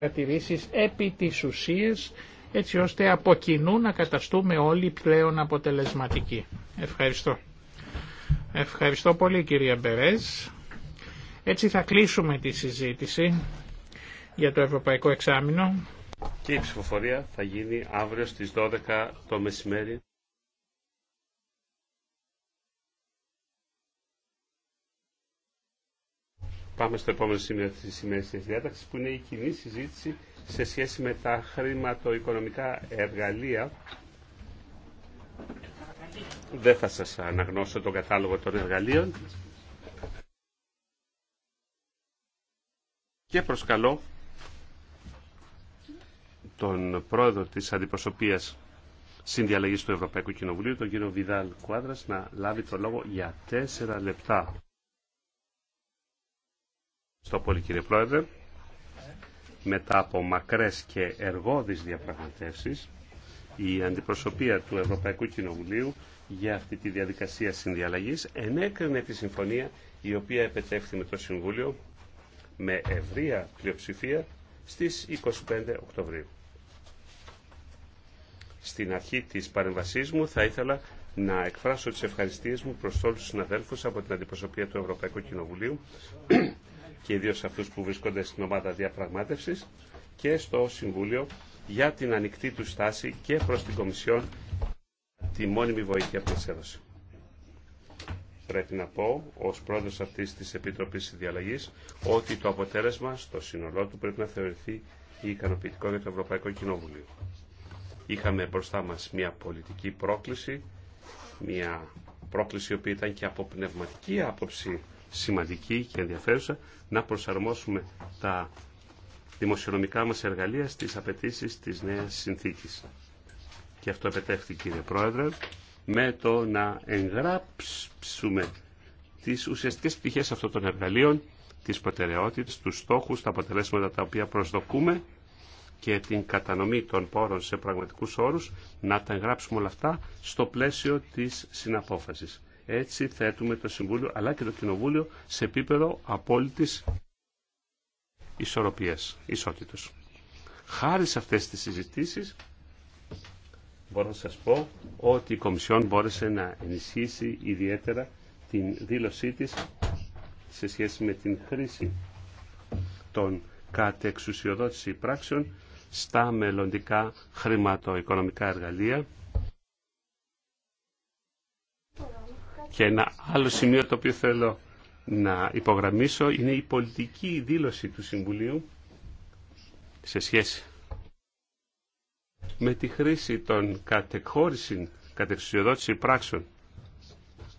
παρατηρήσεις επί της ουσίας, έτσι ώστε από κοινού να καταστούμε όλοι πλέον αποτελεσματικοί. Ευχαριστώ. Ευχαριστώ πολύ κυρία Μπερές. Έτσι θα κλείσουμε τη συζήτηση για το Ευρωπαϊκό Εξάμεινο. Και η ψηφοφορία θα γίνει αύριο στις 12 το μεσημέρι. Πάμε στο επόμενο σημείο της σημερινής τη διάταξης που είναι η κοινή συζήτηση σε σχέση με τα χρηματοοικονομικά εργαλεία. Δεν θα σας αναγνώσω τον κατάλογο των εργαλείων. Και προσκαλώ τον πρόεδρο της αντιπροσωπείας συνδιαλλαγής του Ευρωπαϊκού Κοινοβουλίου, τον κύριο Βιδάλ Κουάδρας, να λάβει το λόγο για τέσσερα λεπτά. Στο πολύ κύριε Πρόεδρε. Μετά από μακρές και εργώδεις διαπραγματεύσεις, η αντιπροσωπεία του Ευρωπαϊκού Κοινοβουλίου για αυτή τη διαδικασία συνδιαλλαγής ενέκρινε τη συμφωνία η οποία επετεύχθη με το Συμβούλιο με ευρεία πλειοψηφία στις 25 Οκτωβρίου. Στην αρχή της παρεμβασή μου θα ήθελα να εκφράσω τις ευχαριστίες μου προς όλους τους συναδέλφους από την αντιπροσωπεία του Ευρωπαϊκού Κοινοβουλίου και ιδίω αυτού που βρίσκονται στην ομάδα διαπραγμάτευση και στο Συμβούλιο για την ανοιχτή του στάση και προ την Κομισιόν τη μόνιμη βοήθεια που μα έδωσε. Πρέπει να πω, ως πρόεδρος αυτής της Επιτροπής Διαλλαγή ότι το αποτέλεσμα στο σύνολό του πρέπει να θεωρηθεί ικανοποιητικό για το Ευρωπαϊκό Κοινόβουλιο. Είχαμε μπροστά μα μια πολιτική πρόκληση, μια πρόκληση η οποία ήταν και από πνευματική άποψη σημαντική και ενδιαφέρουσα να προσαρμόσουμε τα δημοσιονομικά μας εργαλεία στις απαιτήσεις της νέας συνθήκης. Και αυτό επετέχθη κύριε Πρόεδρε με το να εγγράψουμε τις ουσιαστικές πτυχές αυτών των εργαλείων, τις προτεραιότητες, τους στόχους, τα αποτελέσματα τα οποία προσδοκούμε και την κατανομή των πόρων σε πραγματικούς όρους, να τα εγγράψουμε όλα αυτά στο πλαίσιο της συναπόφασης. Έτσι θέτουμε το Συμβούλιο αλλά και το Κοινοβούλιο σε επίπεδο απόλυτης ισορροπίας, ισότητος. Χάρη σε αυτές τις συζητήσεις μπορώ να σας πω ότι η Κομισιόν μπόρεσε να ενισχύσει ιδιαίτερα την δήλωσή της σε σχέση με την χρήση των κατεξουσιοδότηση πράξεων στα μελλοντικά χρηματοοικονομικά εργαλεία Και ένα άλλο σημείο το οποίο θέλω να υπογραμμίσω είναι η πολιτική δήλωση του Συμβουλίου σε σχέση με τη χρήση των κατεχώρησης κατεξουσιοδότηση πράξεων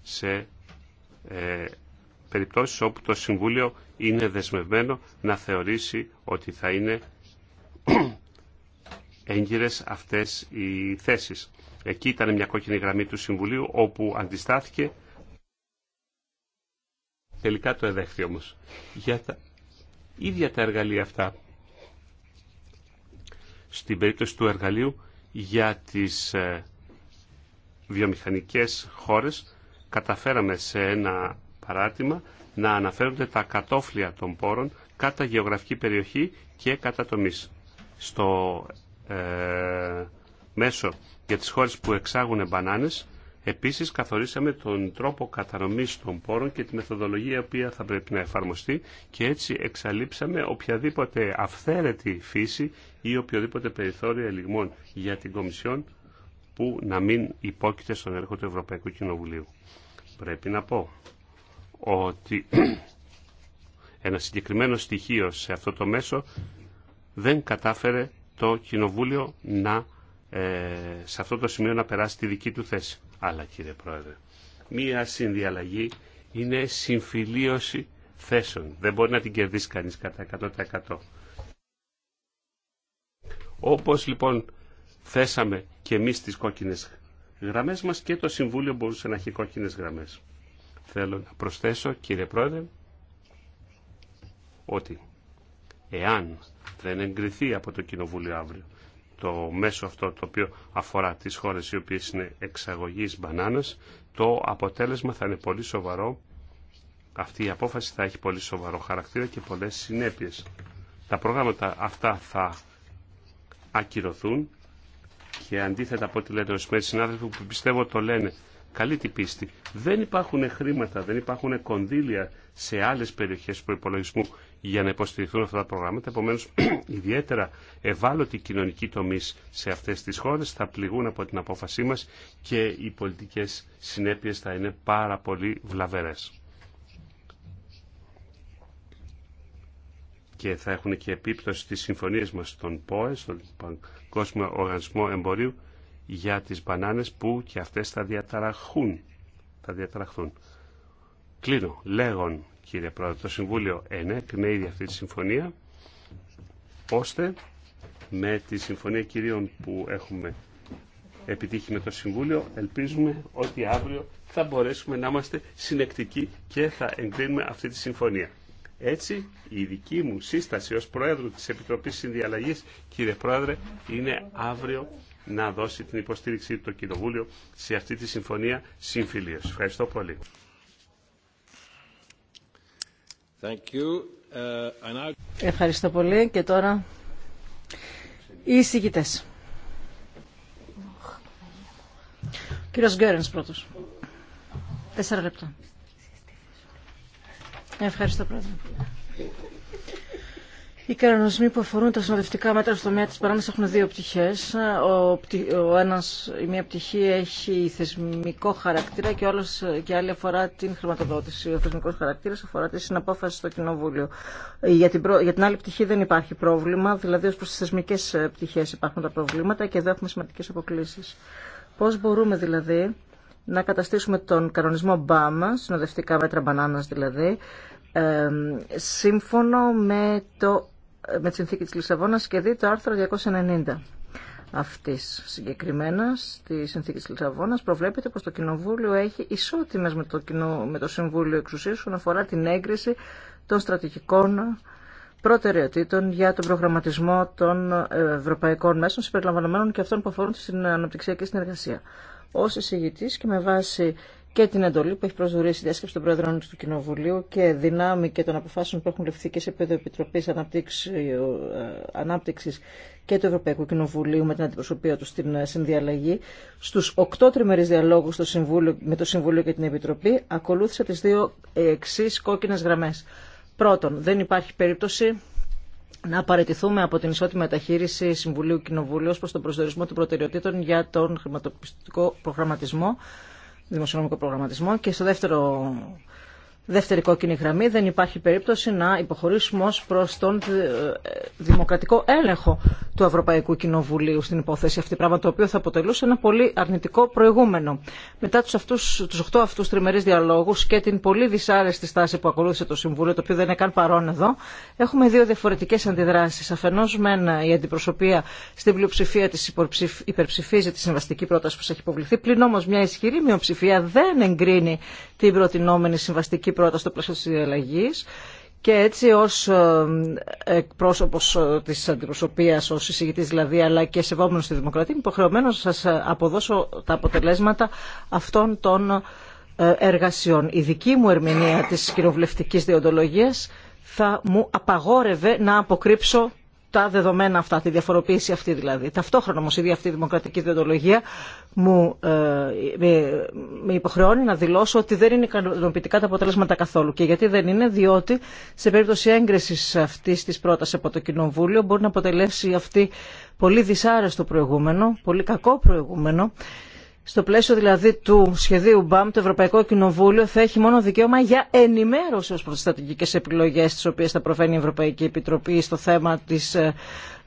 σε ε, περιπτώσεις όπου το Συμβούλιο είναι δεσμευμένο να θεωρήσει ότι θα είναι έγκυρες αυτές οι θέσεις. Εκεί ήταν μια κόκκινη γραμμή του Συμβουλίου όπου αντιστάθηκε. Τελικά το εδέχθη όμως. Για τα ίδια τα εργαλεία αυτά. Στην περίπτωση του εργαλείου για τις ε, βιομηχανικές χώρες καταφέραμε σε ένα παράτημα να αναφέρονται τα κατόφλια των πόρων κατά γεωγραφική περιοχή και κατά τομής. Στο ε, μέσο για τις χώρες που εξάγουν μπανάνες. Επίσης καθορίσαμε τον τρόπο κατανομής των πόρων και τη μεθοδολογία η οποία θα πρέπει να εφαρμοστεί και έτσι εξαλείψαμε οποιαδήποτε αυθαίρετη φύση ή οποιοδήποτε περιθώριο ελιγμών για την Κομισιόν που να μην υπόκειται στον έργο του Ευρωπαϊκού Κοινοβουλίου. Πρέπει να πω ότι ένα συγκεκριμένο στοιχείο σε αυτό το μέσο δεν κατάφερε το Κοινοβούλιο να ε, σε αυτό το σημείο να περάσει τη δική του θέση. Αλλά κύριε Πρόεδρε, μία συνδιαλλαγή είναι συμφιλίωση θέσεων. Δεν μπορεί να την κερδίσει κανείς κατά 100%. Όπως λοιπόν θέσαμε και εμείς τις κόκκινες γραμμές μας και το Συμβούλιο μπορούσε να έχει κόκκινες γραμμές. Θέλω να προσθέσω κύριε Πρόεδρε ότι εάν δεν εγκριθεί από το Κοινοβούλιο αύριο το μέσο αυτό το οποίο αφορά τις χώρες οι οποίες είναι εξαγωγής μπανάνας, το αποτέλεσμα θα είναι πολύ σοβαρό. Αυτή η απόφαση θα έχει πολύ σοβαρό χαρακτήρα και πολλές συνέπειες. Τα προγράμματα αυτά θα ακυρωθούν και αντίθετα από ό,τι λένε ορισμένοι συνάδελφοι που πιστεύω το λένε καλή την πίστη. Δεν υπάρχουν χρήματα, δεν υπάρχουν κονδύλια σε άλλες περιοχές του προπολογισμού για να υποστηριχθούν αυτά τα προγράμματα. Επομένω, ιδιαίτερα ευάλωτοι κοινωνικοί τομή σε αυτές τις χώρες θα πληγούν από την απόφασή μα και οι πολιτικές συνέπειες θα είναι πάρα πολύ βλαβερές. Και θα έχουν και επίπτωση στις συμφωνίες μας στον ΠΟΕ, στον Παγκόσμιο Οργανισμό Εμπορίου, για τις μπανάνες που και αυτές θα διαταραχούν. Θα διαταραχθούν. Κλείνω λέγον κύριε Πρόεδρε. Το Συμβούλιο ενέκρινε ήδη αυτή τη συμφωνία, ώστε με τη συμφωνία κυρίων που έχουμε επιτύχει με το Συμβούλιο, ελπίζουμε ότι αύριο θα μπορέσουμε να είμαστε συνεκτικοί και θα εγκρίνουμε αυτή τη συμφωνία. Έτσι, η δική μου σύσταση ως Πρόεδρου της Επιτροπής Συνδιαλλαγής, κύριε Πρόεδρε, είναι αύριο να δώσει την υποστήριξη του Κοινοβούλιο σε αυτή τη συμφωνία συμφιλίως. Ευχαριστώ πολύ. Uh, Ευχαριστώ πολύ και τώρα οι εισηγητές. Ο κύριος Γκέρενς πρώτος. Τέσσερα λεπτά. Ευχαριστώ πρόεδρε. Οι κανονισμοί που αφορούν τα συνοδευτικά μέτρα στο τομέα τη παράνοση έχουν δύο πτυχέ. Ο, ο ένας, η μία πτυχή έχει θεσμικό χαρακτήρα και, και άλλη αφορά την χρηματοδότηση. Ο θεσμικό χαρακτήρα αφορά τη συναπόφαση στο Κοινοβούλιο. Για την, για την άλλη πτυχή δεν υπάρχει πρόβλημα, δηλαδή ω προ τι θεσμικέ πτυχέ υπάρχουν τα προβλήματα και εδώ έχουμε σημαντικέ αποκλήσει. Πώ μπορούμε δηλαδή να καταστήσουμε τον κανονισμό Μπάμα, συνοδευτικά μέτρα Μπανάνα δηλαδή, ε, σύμφωνο με το με τη συνθήκη της Λισαβόνας και δει το άρθρο 290 αυτής συγκεκριμένα τη συνθήκη της Λισαβόνας προβλέπεται πως το Κοινοβούλιο έχει ισότιμες με το, κοινό, με το Συμβούλιο Εξουσίας όσον αφορά την έγκριση των στρατηγικών προτεραιοτήτων για τον προγραμματισμό των ευρωπαϊκών μέσων συμπεριλαμβανομένων και αυτών που αφορούν στην αναπτυξιακή συνεργασία. Ως εισηγητής και με βάση και την εντολή που έχει προσδορίσει η διάσκεψη των Πρόεδρων του Κοινοβουλίου και δυνάμει και των αποφάσεων που έχουν ληφθεί και σε επίπεδο Επιτροπή Ανάπτυξη ε, και του Ευρωπαϊκού Κοινοβουλίου με την αντιπροσωπεία του στην ε, συνδιαλλαγή. Στου οκτώ τριμερεί διαλόγου με το Συμβούλιο και την Επιτροπή ακολούθησα τι δύο εξή κόκκινε γραμμέ. Πρώτον, δεν υπάρχει περίπτωση να παραιτηθούμε από την ισότιμη μεταχείριση Συμβουλίου Κοινοβουλίου προ τον προσδορισμό των προτεραιοτήτων για τον χρηματοπιστικό προγραμματισμό δημοσιονομικό προγραμματισμό και στο δεύτερο δεύτερη κόκκινη γραμμή δεν υπάρχει περίπτωση να υποχωρήσουμε ως προς τον ε, δημοκρατικό έλεγχο του Ευρωπαϊκού Κοινοβουλίου στην υπόθεση αυτή, πράγμα το οποίο θα αποτελούσε ένα πολύ αρνητικό προηγούμενο. Μετά τους, αυτούς, τους 8 αυτούς τριμερείς διαλόγους και την πολύ δυσάρεστη στάση που ακολούθησε το Συμβούλιο, το οποίο δεν είναι καν παρόν εδώ, έχουμε δύο διαφορετικές αντιδράσεις. Αφενός μεν η αντιπροσωπεία στην πλειοψηφία της υπερψηφίζει τη συμβαστική πρόταση που σας έχει υποβληθεί, πλην όμως μια ισχυρή μειοψηφία δεν εγκρίνει την προτινόμενη συμβαστική πρόταση στο πλαίσιο τη διαλλαγή. και έτσι ως ε, εκπρόσωπος ε, της αντιπροσωπεία, ω εισηγητής δηλαδή, αλλά και σεβόμενος στη Δημοκρατία, είμαι υποχρεωμένος να σας ε, αποδώσω τα αποτελέσματα αυτών των εργασιών. Η δική μου ερμηνεία της κοινοβουλευτική διοντολογία θα μου απαγόρευε να αποκρύψω τα δεδομένα αυτά, τη διαφοροποίηση αυτή δηλαδή. Ταυτόχρονα όμω, η ίδια αυτή η δημοκρατική διοντολογία μου, ε, με, με υποχρεώνει να δηλώσω ότι δεν είναι ικανοποιητικά τα αποτελέσματα καθόλου. Και γιατί δεν είναι, διότι σε περίπτωση έγκρισης αυτής της πρόταση από το Κοινοβούλιο μπορεί να αποτελέσει αυτή πολύ δυσάρεστο προηγούμενο, πολύ κακό προηγούμενο στο πλαίσιο δηλαδή του σχεδίου BAM, το Ευρωπαϊκό Κοινοβούλιο θα έχει μόνο δικαίωμα για ενημέρωση ω προ τι στρατηγικέ επιλογέ τι οποίε θα προφέρει η Ευρωπαϊκή Επιτροπή στο θέμα τη ε,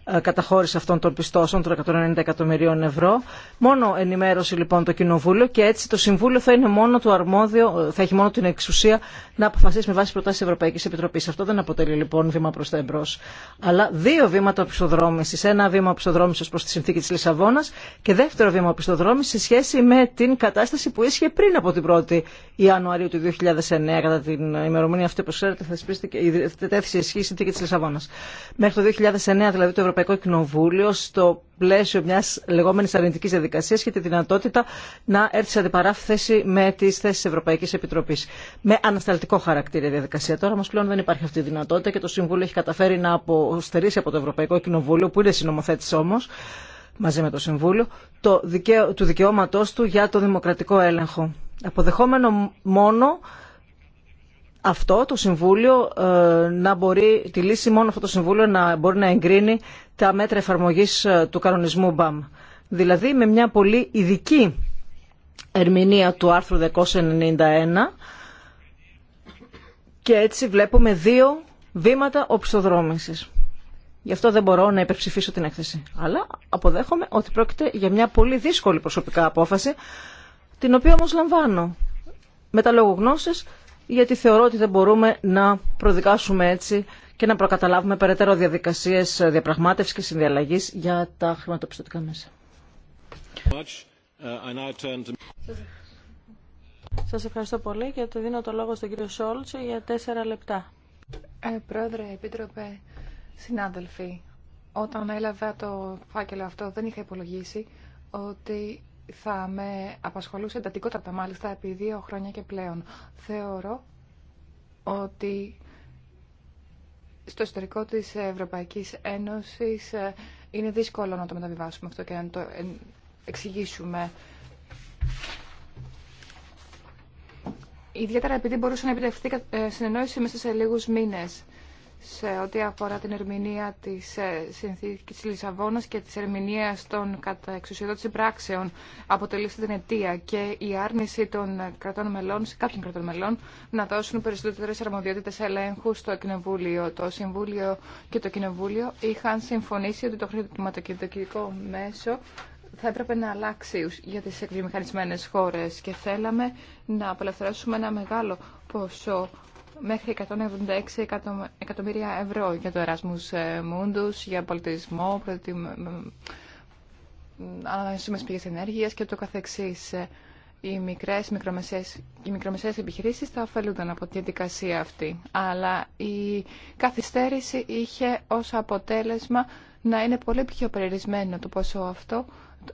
ε, καταχώρηση αυτών των πιστώσεων των 190 εκατομμυρίων ευρώ. Μόνο ενημέρωση λοιπόν το Κοινοβούλιο και έτσι το Συμβούλιο θα, είναι μόνο το αρμόδιο, ε, θα έχει μόνο την εξουσία να αποφασίσει με βάση προτάσει τη Ευρωπαϊκή Επιτροπή. Αυτό δεν αποτελεί λοιπόν βήμα προ τα εμπρό. Αλλά δύο βήματα οπισθοδρόμηση. Ένα βήμα οπισθοδρόμηση προ τη συνθήκη τη Λισαβόνα και δεύτερο βήμα οπισθοδρόμηση σε σχέση με την κατάσταση που ίσχυε πριν από την 1η Ιανουαρίου του 2009, κατά την ημερομηνία αυτή που ξέρετε, θα τέθησε ισχύ η συνθήκη τη Λισαβόνα. Μέχρι το 2009 δηλαδή το Ευρωπαϊκό Κοινοβούλιο στο πλαίσιο μια λεγόμενη αρνητική διαδικασία και τη δυνατότητα να έρθει σε αντιπαράθεση με τι θέσει Ευρωπαϊκή Επιτροπή. Με ανασταλτικό χαρακτήρα η διαδικασία. Τώρα όμω πλέον δεν υπάρχει αυτή η δυνατότητα και το Συμβούλιο έχει καταφέρει να αποστερήσει από το Ευρωπαϊκό Κοινοβούλιο, που είναι συνομοθέτη όμω, μαζί με το Συμβούλιο, το δικαίω, του δικαιώματό του για το δημοκρατικό έλεγχο. Αποδεχόμενο μόνο αυτό το Συμβούλιο ε, να μπορεί, τη λύση μόνο αυτό το Συμβούλιο να μπορεί να εγκρίνει τα μέτρα εφαρμογής ε, του κανονισμού ΜΠΑΜ. Δηλαδή με μια πολύ ειδική ερμηνεία του άρθρου 291 και έτσι βλέπουμε δύο βήματα οπισθοδρόμησης. Γι' αυτό δεν μπορώ να υπερψηφίσω την έκθεση. Αλλά αποδέχομαι ότι πρόκειται για μια πολύ δύσκολη προσωπικά απόφαση, την οποία όμως λαμβάνω με τα λόγω γνώσης γιατί θεωρώ ότι δεν μπορούμε να προδικάσουμε έτσι και να προκαταλάβουμε περαιτέρω διαδικασίες διαπραγμάτευσης και συνδιαλλαγή για τα χρηματοπιστωτικά μέσα. Σας ευχαριστώ πολύ και το δίνω το λόγο στον κύριο Σόλτσε για τέσσερα λεπτά. Ε, πρόεδρε, Επίτροπε, συνάδελφοι, όταν έλαβα το φάκελο αυτό δεν είχα υπολογίσει ότι θα με απασχολούσε εντατικότατα μάλιστα επί δύο χρόνια και πλέον. Θεωρώ ότι στο ιστορικό της Ευρωπαϊκής Ένωσης ε, είναι δύσκολο να το μεταβιβάσουμε αυτό και να το εξηγήσουμε. Ιδιαίτερα επειδή μπορούσε να επιτευχθεί ε, συνεννόηση μέσα σε λίγους μήνες σε ό,τι αφορά την ερμηνεία της ε, συνθήκης της Λισαβόνας και της ερμηνείας των κατά πράξεων αποτελεί την αιτία και η άρνηση των κρατών μελών, σε κάποιων κρατών μελών, να δώσουν περισσότερες αρμοδιότητες ελέγχου στο Κοινοβούλιο. Το Συμβούλιο και το Κοινοβούλιο είχαν συμφωνήσει ότι το χρηματοκεντρικό μέσο θα έπρεπε να αλλάξει για τις εκβιομηχανισμένες χώρες και θέλαμε να απελευθερώσουμε ένα μεγάλο ποσό μέχρι 176 εκατομμύρια ευρώ για το Erasmus ε, Mundus, για πολιτισμό, προτιμ... ανανεώσιμες πηγές ενέργειας και το καθεξής. Ε, οι μικρές, μικρομεσαίες, οι μικρομεσαίες επιχειρήσεις θα ωφελούνταν από τη διαδικασία αυτή. Αλλά η καθυστέρηση είχε ως αποτέλεσμα να είναι πολύ πιο περιορισμένο το ποσό αυτό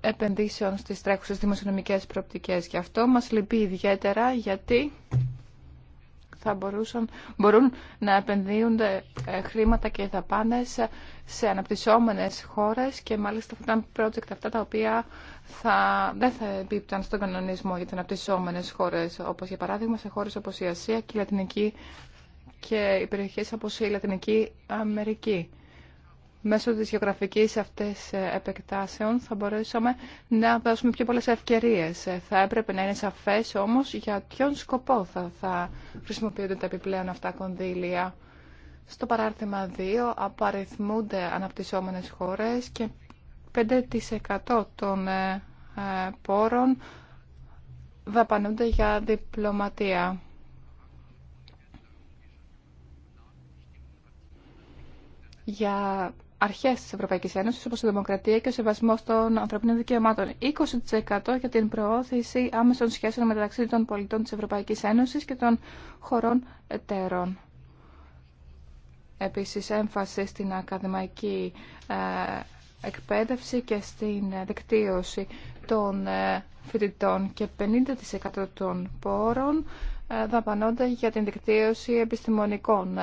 επενδύσεων στις τρέχουσες δημοσιονομικές προοπτικές. Γι' αυτό μας λυπεί ιδιαίτερα γιατί θα μπορούσαν, μπορούν να επενδύονται ε, χρήματα και δαπάνε σε αναπτυσσόμενες χώρες και μάλιστα θα ήταν project αυτά τα οποία θα, δεν θα επίπταν στον κανονισμό για τις αναπτυσσόμενες χώρες όπως για παράδειγμα σε χώρες όπως η Ασία και η Λατινική και οι περιοχές όπως η Λατινική Αμερική μέσω της γεωγραφικής αυτής ε, επεκτάσεων θα μπορέσουμε να δώσουμε πιο πολλές ευκαιρίες. Ε, θα έπρεπε να είναι σαφές όμως για ποιον σκοπό θα, θα χρησιμοποιούνται τα επιπλέον αυτά κονδύλια. Στο παράρτημα 2 απαριθμούνται αναπτυσσόμενες χώρες και 5% των ε, πόρων δαπανούνται για διπλωματία. για αρχέ τη Ευρωπαϊκή Ένωση, όπω η δημοκρατία και ο σεβασμό των ανθρωπίνων δικαιωμάτων. 20% για την προώθηση άμεσων σχέσεων μεταξύ των πολιτών τη Ευρωπαϊκή Ένωση και των χωρών εταίρων. Επίση, έμφαση στην ακαδημαϊκή ε, εκπαίδευση και στην ε, δικτύωση των ε, φοιτητών και 50% των πόρων δαπανώνται για την δικτύωση επιστημονικών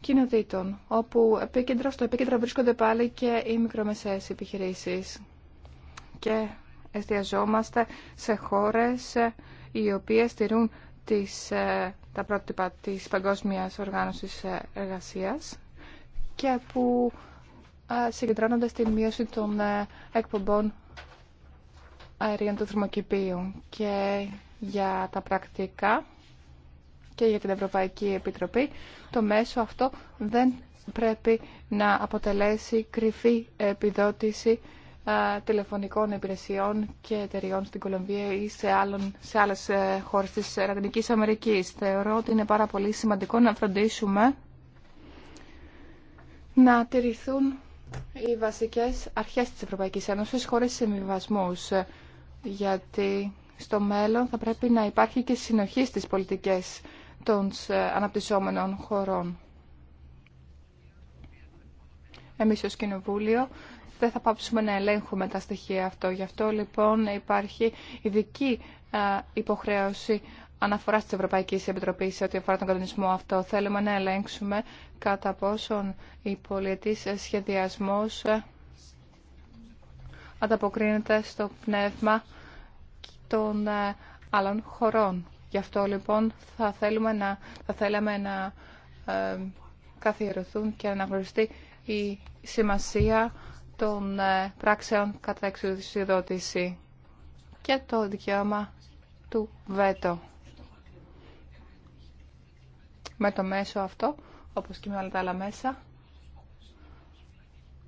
κοινοτήτων, όπου επίκεντρο, στο επίκεντρο βρίσκονται πάλι και οι μικρομεσαίες επιχειρήσεις. Και εστιαζόμαστε σε χώρες ε, οι οποίες στηρούν τις, ε, τα πρότυπα της Παγκόσμιας Οργάνωσης ε, Εργασίας και που συγκεντρώνονται στην μείωση των εκπομπών αερίων του θερμοκηπίου. Και για τα πρακτικά και για την Ευρωπαϊκή Επιτροπή, το μέσο αυτό δεν πρέπει να αποτελέσει κρυφή επιδότηση τηλεφωνικών υπηρεσιών και εταιριών στην Κολομβία ή σε, άλλον σε άλλες ε, χώρες της Λατινικής Αμερικής. Θεωρώ ότι είναι πάρα πολύ σημαντικό να φροντίσουμε να τηρηθούν οι βασικές αρχές της Ευρωπαϊκής Ένωσης χωρίς συμβιβασμούς, γιατί στο μέλλον θα πρέπει να υπάρχει και συνοχή στις πολιτικές των ε, αναπτυσσόμενων χωρών. Εμείς ως Κοινοβούλιο δεν θα πάψουμε να ελέγχουμε τα στοιχεία αυτό. Γι' αυτό λοιπόν υπάρχει ειδική ε, υποχρέωση αναφοράς της Ευρωπαϊκής Επιτροπής σε ό,τι αφορά τον κανονισμό αυτό. Θέλουμε να ελέγξουμε κατά πόσον η πολιτική ε, σχεδιασμός ανταποκρίνεται στο πνεύμα των άλλων χωρών. Γι' αυτό λοιπόν θα, θέλουμε να, θα θέλαμε να ε, καθιερωθούν και να αναγνωριστεί η σημασία των ε, πράξεων κατά εξουσιοδότηση και το δικαίωμα του ΒΕΤΟ. Με το μέσο αυτό, όπως και με όλα τα άλλα μέσα,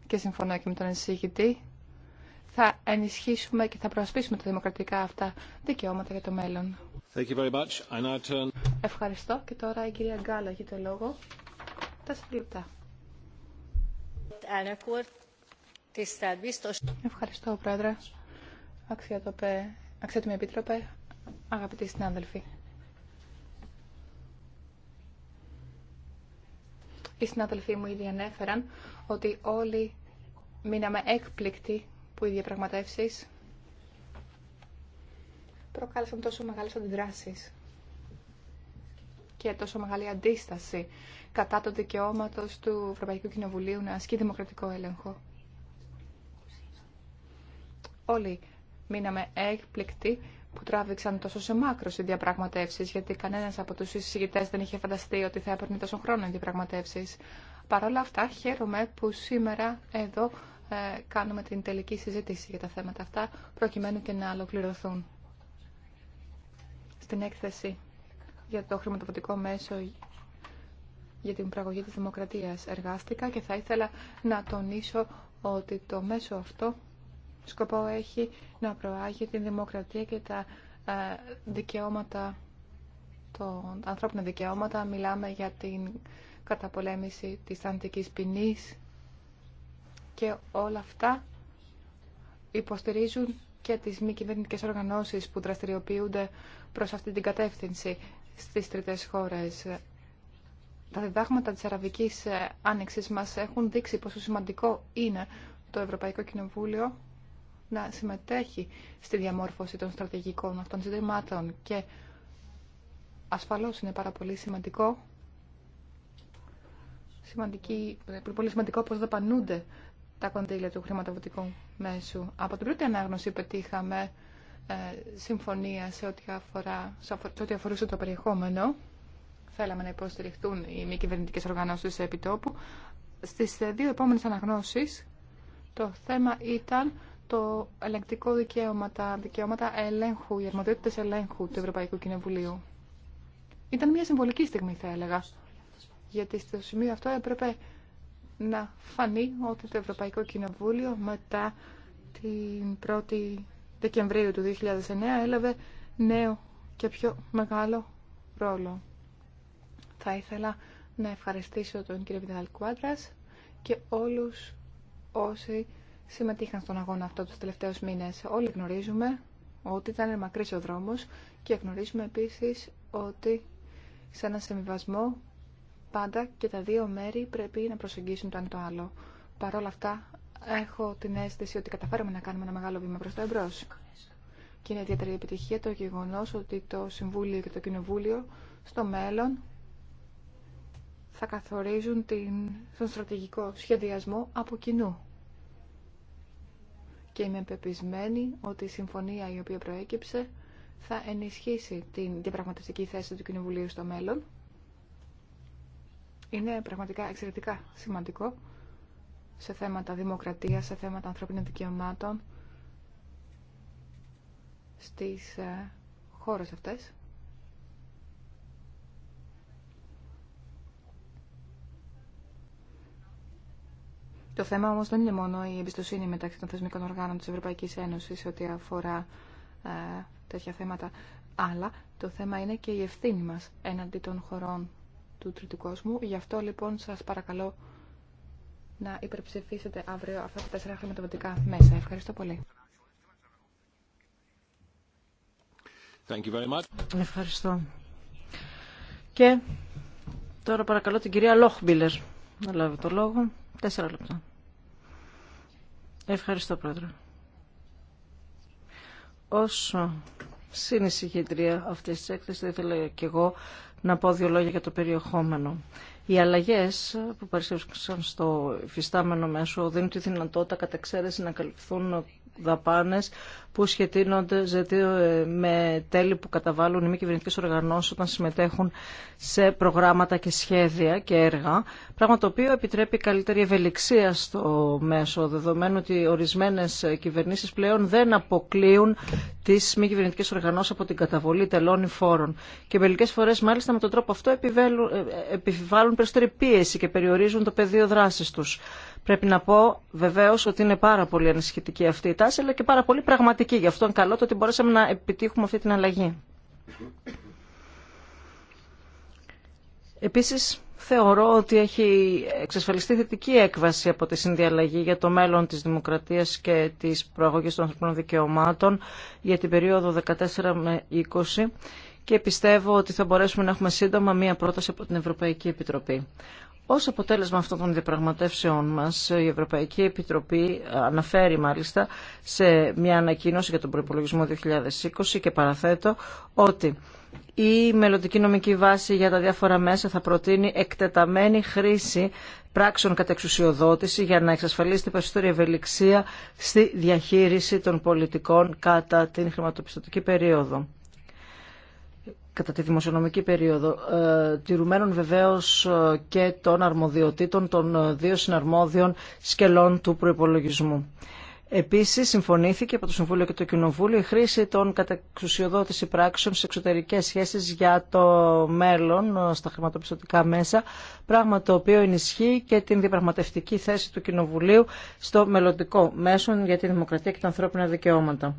και συμφωνώ και με τον εισηγητή, θα ενισχύσουμε και θα προασπίσουμε τα δημοκρατικά αυτά δικαιώματα για το μέλλον. Ευχαριστώ. Και τώρα η κυρία Γκάλα έχει το λόγο. Τα Ευχαριστώ, Πρόεδρε. αξιότιμη Επίτροπε, αγαπητοί συνάδελφοι. Οι συνάδελφοί μου ήδη ανέφεραν ότι όλοι μείναμε έκπληκτοι που οι διαπραγματεύσεις προκάλεσαν τόσο μεγάλες αντιδράσεις και τόσο μεγάλη αντίσταση κατά το δικαιώματο του Ευρωπαϊκού Κοινοβουλίου να ασκεί δημοκρατικό έλεγχο. Όλοι μείναμε έκπληκτοι που τράβηξαν τόσο σε μάκρο οι διαπραγματεύσει, γιατί κανένα από του συζητητέ δεν είχε φανταστεί ότι θα έπαιρνε τόσο χρόνο οι διαπραγματεύσει. Παρ' όλα αυτά, χαίρομαι που σήμερα εδώ ε, κάνουμε την τελική συζήτηση για τα θέματα αυτά, προκειμένου και να ολοκληρωθούν στην έκθεση για το χρηματοδοτικό μέσο για την πραγωγή της δημοκρατίας εργάστηκα και θα ήθελα να τονίσω ότι το μέσο αυτό σκοπό έχει να προάγει την δημοκρατία και τα ε, δικαιώματα, των ανθρώπινα δικαιώματα. Μιλάμε για την καταπολέμηση της αντικής ποινή και όλα αυτά υποστηρίζουν και τις μη κυβερνητικέ οργανώσεις που δραστηριοποιούνται προς αυτή την κατεύθυνση στις τρίτες χώρες. Τα διδάγματα της Αραβικής Άνοιξης μας έχουν δείξει πόσο σημαντικό είναι το Ευρωπαϊκό Κοινοβούλιο να συμμετέχει στη διαμόρφωση των στρατηγικών αυτών ζητημάτων και ασφαλώς είναι πάρα πολύ σημαντικό σημαντική, πολύ σημαντικό πώς δαπανούνται τα κονδύλια του χρηματοδοτικού μέσου. Από την πρώτη ανάγνωση πετύχαμε ε, συμφωνία σε ό,τι, αφορά, σε αφορούσε το περιεχόμενο. Θέλαμε να υποστηριχτούν οι μη κυβερνητικέ οργανώσει σε επιτόπου. Στις ε, δύο επόμενε αναγνώσει, το θέμα ήταν το ελεγκτικό δικαίωμα, τα δικαιώματα ελέγχου, οι αρμοδιότητε ελέγχου του Ευρωπαϊκού Κοινοβουλίου. Ήταν μια συμβολική στιγμή, θα έλεγα, γιατί στο σημείο αυτό έπρεπε να φανεί ότι το Ευρωπαϊκό Κοινοβούλιο μετά την 1η Δεκεμβρίου του 2009 έλαβε νέο και πιο μεγάλο ρόλο. Θα ήθελα να ευχαριστήσω τον κύριο Βιντεγάλ Κουάντρας και όλους όσοι συμμετείχαν στον αγώνα αυτό τους τελευταίους μήνες. Όλοι γνωρίζουμε ότι ήταν μακρύς ο δρόμος και γνωρίζουμε επίσης ότι σε ένα συμβιβασμό πάντα και τα δύο μέρη πρέπει να προσεγγίσουν το ένα το άλλο. Παρ' όλα αυτά, έχω την αίσθηση ότι καταφέραμε να κάνουμε ένα μεγάλο βήμα προς το εμπρός. Και είναι ιδιαίτερη επιτυχία το γεγονός ότι το Συμβούλιο και το Κοινοβούλιο στο μέλλον θα καθορίζουν την, τον στρατηγικό σχεδιασμό από κοινού. Και είμαι πεπισμένη ότι η συμφωνία η οποία προέκυψε θα ενισχύσει την διαπραγματευτική θέση του Κοινοβουλίου στο μέλλον είναι πραγματικά εξαιρετικά σημαντικό σε θέματα δημοκρατίας, σε θέματα ανθρωπίνων δικαιωμάτων στις ε, χώρες αυτές. Το θέμα όμως δεν είναι μόνο η εμπιστοσύνη μεταξύ των θεσμικών οργάνων της Ευρωπαϊκής Ένωσης ό,τι αφορά ε, τέτοια θέματα, αλλά το θέμα είναι και η ευθύνη μας έναντι των χωρών του τρίτου κόσμου. Γι' αυτό λοιπόν σα παρακαλώ να υπερψηφίσετε αύριο αυτά τα τέσσερα χρηματοδοτικά μέσα. Ευχαριστώ πολύ. Thank you very much. Ευχαριστώ. Και τώρα παρακαλώ την κυρία Λόχμπιλερ να λάβει το λόγο. Τέσσερα λεπτά. Ευχαριστώ πρόεδρε. Όσο συνεισυχητρία αυτής της έκθεσης θα ήθελα και εγώ να πω δύο λόγια για το περιεχόμενο. Οι αλλαγέ που παρουσίασαν στο φυστάμενο μέσο δίνουν τη δυνατότητα κατά εξαίρεση να καλυφθούν δαπάνες που σχετίνονται με τέλη που καταβάλουν οι μη κυβερνητικέ οργανώσεις όταν συμμετέχουν σε προγράμματα και σχέδια και έργα, πράγμα το οποίο επιτρέπει καλύτερη ευελιξία στο μέσο, δεδομένου ότι ορισμένε κυβερνήσει πλέον δεν αποκλείουν τι μη κυβερνητικέ οργανώσει από την καταβολή τελών ή φόρων. Και μερικέ φορέ μάλιστα με τον τρόπο αυτό ε, επιβάλλουν περισσότερη πίεση και περιορίζουν το πεδίο δράση του. Πρέπει να πω βεβαίω ότι είναι πάρα πολύ ανησυχητική αυτή η τάση, αλλά και πάρα πολύ πραγματική. Γι' αυτό είναι καλό το ότι μπορέσαμε να επιτύχουμε αυτή την αλλαγή. Επίση, θεωρώ ότι έχει εξασφαλιστεί θετική έκβαση από τη συνδιαλλαγή για το μέλλον τη Δημοκρατία και τη προαγωγή των ανθρωπίνων δικαιωμάτων για την περίοδο 14 με 20 και πιστεύω ότι θα μπορέσουμε να έχουμε σύντομα μία πρόταση από την Ευρωπαϊκή Επιτροπή. Ως αποτέλεσμα αυτών των διαπραγματεύσεών μας, η Ευρωπαϊκή Επιτροπή αναφέρει μάλιστα σε μια ανακοίνωση για τον προϋπολογισμό 2020 και παραθέτω ότι η μελλοντική νομική βάση για τα διάφορα μέσα θα προτείνει εκτεταμένη χρήση πράξεων κατά εξουσιοδότηση για να εξασφαλίσει την περισσότερη ευελιξία στη διαχείριση των πολιτικών κατά την χρηματοπιστωτική περίοδο κατά τη δημοσιονομική περίοδο, ε, τηρουμένων βεβαίως ε, και των αρμοδιοτήτων των ε, δύο συναρμόδιων σκελών του προϋπολογισμού. Επίσης, συμφωνήθηκε από το Συμβούλιο και το Κοινοβούλιο η χρήση των καταξουσιοδότηση πράξεων σε εξωτερικές σχέσεις για το μέλλον στα χρηματοπιστωτικά μέσα, πράγμα το οποίο ενισχύει και την διαπραγματευτική θέση του Κοινοβουλίου στο μελλοντικό μέσον για τη δημοκρατία και τα ανθρώπινα δικαιώματα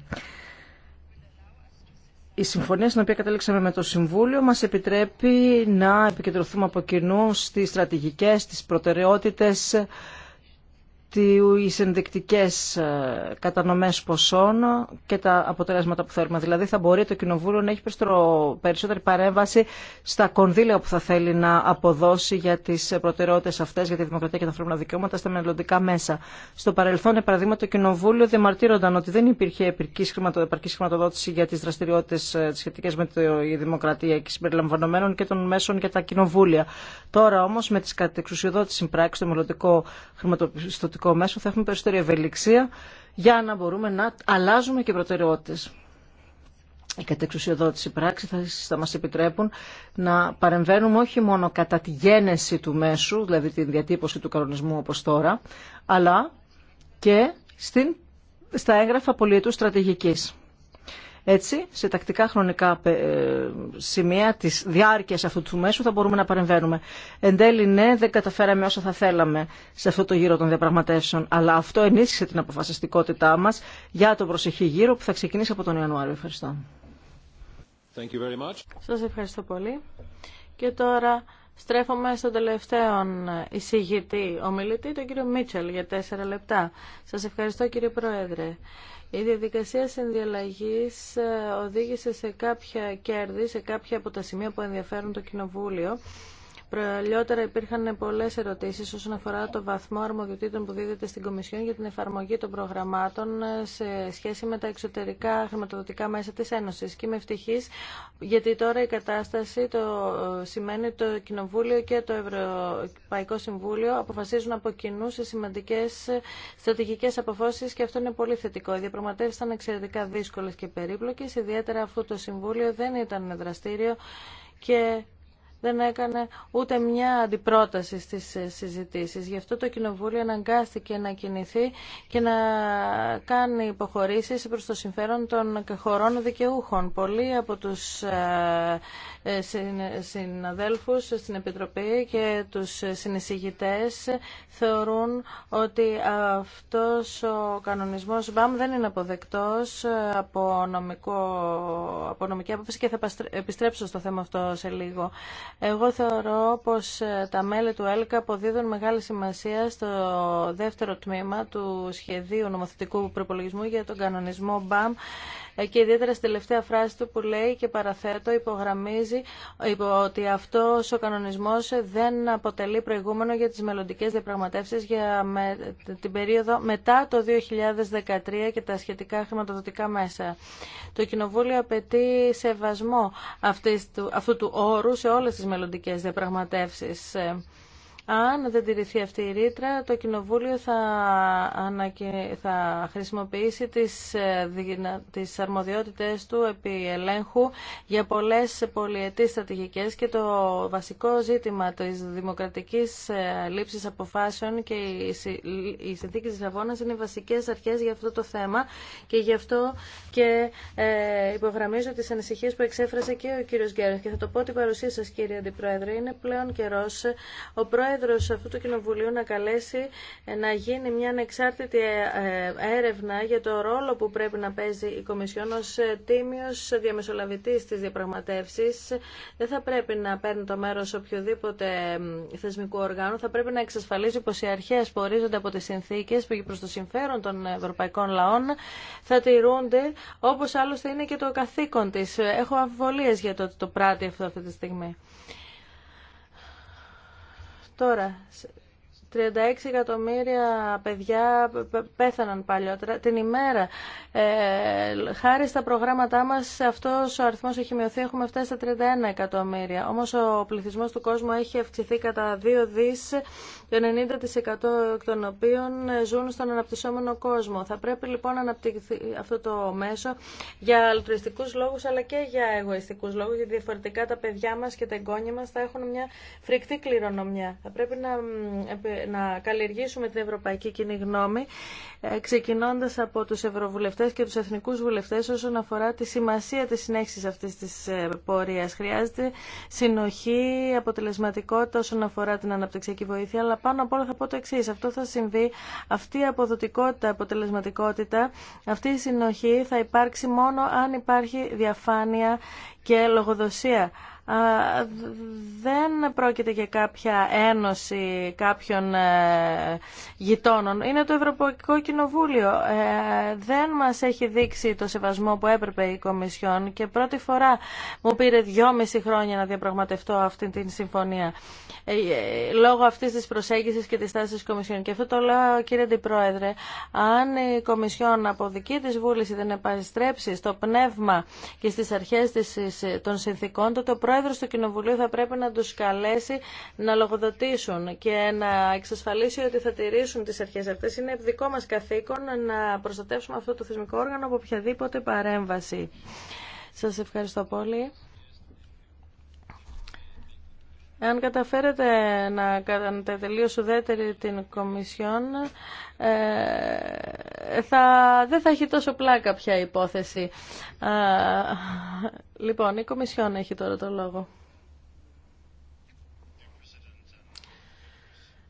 η συμφωνία στην οποία καταλήξαμε με το Συμβούλιο μας επιτρέπει να επικεντρωθούμε από κοινού στις στρατηγικές, στις προτεραιότητες οι συνδεκτικές ε, κατανομές ποσών και τα αποτελέσματα που θέλουμε. Δηλαδή θα μπορεί το Κοινοβούλιο να έχει περισσότερη παρέμβαση στα κονδύλια που θα θέλει να αποδώσει για τις προτεραιότητες αυτές, για τη δημοκρατία και τα ανθρώπινα δικαιώματα στα μελλοντικά μέσα. Στο παρελθόν, παραδείγμα, το Κοινοβούλιο διαμαρτύρονταν ότι δεν υπήρχε επαρκή χρηματοδότηση για τις δραστηριότητες ε, σχετικές με τη δημοκρατία και συμπεριλαμβανομένων και των μέσων για τα κοινοβούλια. Τώρα όμως με τις κατεξουσιοδότητε συμπράξει, το μελλοντικό χρηματοπιστωτικό μέσο θα έχουμε περισσότερη ευελιξία για να μπορούμε να αλλάζουμε και προτεραιότητες. Η κατεξουσιοδότηση πράξη θα, θα μας επιτρέπουν να παρεμβαίνουμε όχι μόνο κατά τη γένεση του μέσου, δηλαδή την διατύπωση του κανονισμού όπως τώρα, αλλά και στην, στα έγγραφα πολιετού στρατηγικής. Έτσι, σε τακτικά χρονικά ε, σημεία της διάρκεια αυτού του μέσου θα μπορούμε να παρεμβαίνουμε. Εν τέλει, ναι, δεν καταφέραμε όσα θα θέλαμε σε αυτό το γύρο των διαπραγματεύσεων, αλλά αυτό ενίσχυσε την αποφασιστικότητά μα για το προσεχή γύρο που θα ξεκινήσει από τον Ιανουάριο. Ευχαριστώ. Σα ευχαριστώ πολύ. Και τώρα... Στρέφομαι στον τελευταίο εισηγητή ομιλητή, τον κύριο Μίτσελ, για τέσσερα λεπτά. Σα ευχαριστώ κύριε Πρόεδρε. Η διαδικασία συνδιαλλαγής ε, οδήγησε σε κάποια κέρδη, σε κάποια από τα σημεία που ενδιαφέρουν το Κοινοβούλιο Προαλλιότερα υπήρχαν πολλέ ερωτήσει όσον αφορά το βαθμό αρμοδιοτήτων που δίδεται στην Κομισιόν για την εφαρμογή των προγραμμάτων ε, σε σχέση με τα εξωτερικά χρηματοδοτικά μέσα τη Ένωση. Και είμαι ευτυχή γιατί τώρα η κατάσταση το ε, σημαίνει το Κοινοβούλιο και το Ευρωπαϊκό Συμβούλιο αποφασίζουν από κοινού σε σημαντικέ ε, στρατηγικέ αποφάσει και αυτό είναι πολύ θετικό. Οι διαπραγματεύσει ήταν εξαιρετικά δύσκολε και περίπλοκε, ιδιαίτερα αφού το Συμβούλιο δεν ήταν δραστήριο και δεν έκανε ούτε μια αντιπρόταση στις ε, συζητήσεις. Γι' αυτό το Κοινοβούλιο αναγκάστηκε να κινηθεί και να κάνει υποχωρήσεις προς το συμφέρον των χωρών δικαιούχων. Πολλοί από τους ε, ε, συναδέλφους στην Επιτροπή και τους συνεισηγητές θεωρούν ότι αυτός ο κανονισμός ΜΠΑΜ δεν είναι αποδεκτός από, νομικό, από νομική άποψη και θα επιστρέψω στο θέμα αυτό σε λίγο. Εγώ θεωρώ πως ε, τα μέλη του ΕΛΚΑ αποδίδουν μεγάλη σημασία στο δεύτερο τμήμα του σχεδίου νομοθετικού προπολογισμού για τον κανονισμό ΜΠΑΜ. Ε, και ιδιαίτερα στη τελευταία φράση του που λέει και παραθέτω υπογραμμίζει ότι αυτός ο κανονισμός δεν αποτελεί προηγούμενο για τις μελλοντικέ διαπραγματεύσει για την περίοδο μετά το 2013 και τα σχετικά χρηματοδοτικά μέσα. Το Κοινοβούλιο απαιτεί σεβασμό αυτού του όρου σε όλες τις μελλοντικέ διαπραγματεύσει. Ε, αν δεν τηρηθεί αυτή η ρήτρα, το Κοινοβούλιο θα, θα χρησιμοποιήσει τις, ε, τις αρμοδιότητες του επί ελέγχου για πολλές πολυετής στρατηγικές και το βασικό ζήτημα της δημοκρατικής ε, λήψης αποφάσεων και η συνθήκη της αγώνας είναι οι βασικές αρχές για αυτό το θέμα και γι' αυτό και ε, υπογραμμίζω τις ανησυχίες που εξέφρασε και ο κύριος Γκέρος και θα το πω την παρουσία σας κύριε Αντιπρόεδρε είναι πλέον καιρός ο πρόεδρος αυτού του κοινοβουλίου να καλέσει ε, να γίνει μια ανεξάρτητη ε, ε, έρευνα για το ρόλο που πρέπει να παίζει η Κομισιόν ως τίμιος διαμεσολαβητής της διαπραγματεύσεις. Δεν θα πρέπει να παίρνει το μέρος οποιοδήποτε θεσμικού οργάνου. Θα πρέπει να εξασφαλίζει πως οι αρχές που ορίζονται από τις συνθήκες που προς το συμφέρον των ευρωπαϊκών λαών θα τηρούνται όπως άλλωστε είναι και το καθήκον της. Έχω αμφιβολίες για το ότι το πράττει αυτό αυτή τη στιγμή. Τώρα, 36 εκατομμύρια παιδιά πέθαναν παλιότερα. Την ημέρα, ε, χάρη στα προγράμματά μας, αυτός ο αριθμός έχει μειωθεί, έχουμε φτάσει στα 31 εκατομμύρια. Όμως ο πληθυσμός του κόσμου έχει αυξηθεί κατά 2 δις το 90% των οποίων ε, ζουν στον αναπτυσσόμενο κόσμο. Θα πρέπει λοιπόν να αναπτυχθεί αυτό το μέσο για αλτρουιστικούς λόγου, αλλά και για εγωιστικούς λόγου, γιατί διαφορετικά τα παιδιά μα και τα εγγόνια μα θα έχουν μια φρικτή κληρονομιά. Θα πρέπει να, να καλλιεργήσουμε την ευρωπαϊκή κοινή γνώμη, ε, ξεκινώντα από του ευρωβουλευτέ και του εθνικού βουλευτέ, όσον αφορά τη σημασία τη συνέχιση αυτή τη ε, πορεία. Χρειάζεται συνοχή, αποτελεσματικότητα όσον αφορά την αναπτυξιακή βοήθεια, πάνω απ' όλα θα πω το εξή. Αυτό θα συμβεί, αυτή η αποδοτικότητα, αποτελεσματικότητα, αυτή η συνοχή θα υπάρξει μόνο αν υπάρχει διαφάνεια και λογοδοσία δεν πρόκειται για κάποια ένωση κάποιων ε, γειτόνων. Είναι το Ευρωπαϊκό Κοινοβούλιο. Ε, δεν μας έχει δείξει το σεβασμό που έπρεπε η Κομισιόν και πρώτη φορά μου πήρε δυόμιση χρόνια να διαπραγματευτώ αυτή την συμφωνία ε, λόγω αυτής της προσέγγισης και της τάσης της Κομισιόν. Και αυτό το λέω κύριε Αντιπρόεδρε, αν η Κομισιόν από δική της βούληση δεν επαστρέψει στο πνεύμα και στις αρχές των συνθήκων, τότε πρόεδρος του Κοινοβουλίου θα πρέπει να τους καλέσει να λογοδοτήσουν και να εξασφαλίσει ότι θα τηρήσουν τις αρχές αυτές. Είναι δικό μας καθήκον να προστατεύσουμε αυτό το θεσμικό όργανο από οποιαδήποτε παρέμβαση. Σας ευχαριστώ πολύ. Εάν καταφέρετε να κάνετε τελείως ουδέτερη την Κομισιόν, ε, θα, δεν θα έχει τόσο πλάκα πια υπόθεση. λοιπόν, η Κομισιόν έχει τώρα το λόγο.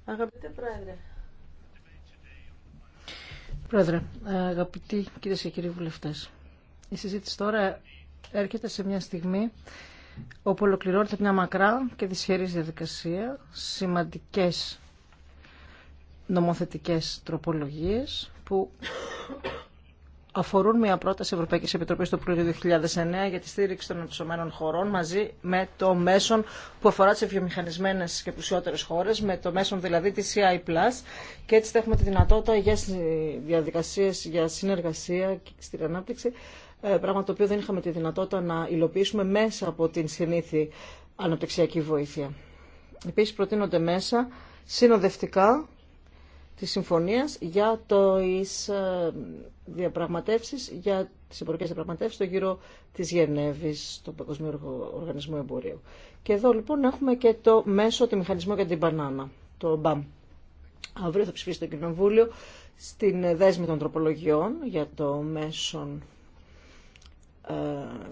Αγαπητέ Πρόεδρε. Πρόεδρε, αγαπητοί κυρίε και κύριοι βουλευτές, η συζήτηση τώρα έρχεται σε μια στιγμή όπου ολοκληρώνεται μια μακρά και δυσχερή διαδικασία, σημαντικές νομοθετικές τροπολογίες που αφορούν μια πρόταση Ευρωπαϊκή Επιτροπή το Υπουργείο 2009 για τη στήριξη των αναπτυσσομένων χωρών μαζί με το μέσον που αφορά τι βιομηχανισμένε και πλουσιότερε χώρε, με το μέσον δηλαδή τη CI. Και έτσι θα έχουμε τη δυνατότητα για διαδικασίε για συνεργασία στην ανάπτυξη ε, πράγμα το οποίο δεν είχαμε τη δυνατότητα να υλοποιήσουμε μέσα από την συνήθη αναπτυξιακή βοήθεια. Επίσης προτείνονται μέσα συνοδευτικά της συμφωνίας για το εις ε, διαπραγματεύσεις, για τις εμπορικές διαπραγματεύσεις στο γύρο της Γενέβης, του Παγκοσμίου Οργανισμού Εμπορίου. Και εδώ λοιπόν έχουμε και το μέσο, του μηχανισμό για την μπανάνα, το BAM. Αύριο θα ψηφίσει το Κοινοβούλιο στην δέσμη των τροπολογιών για το μέσον ε,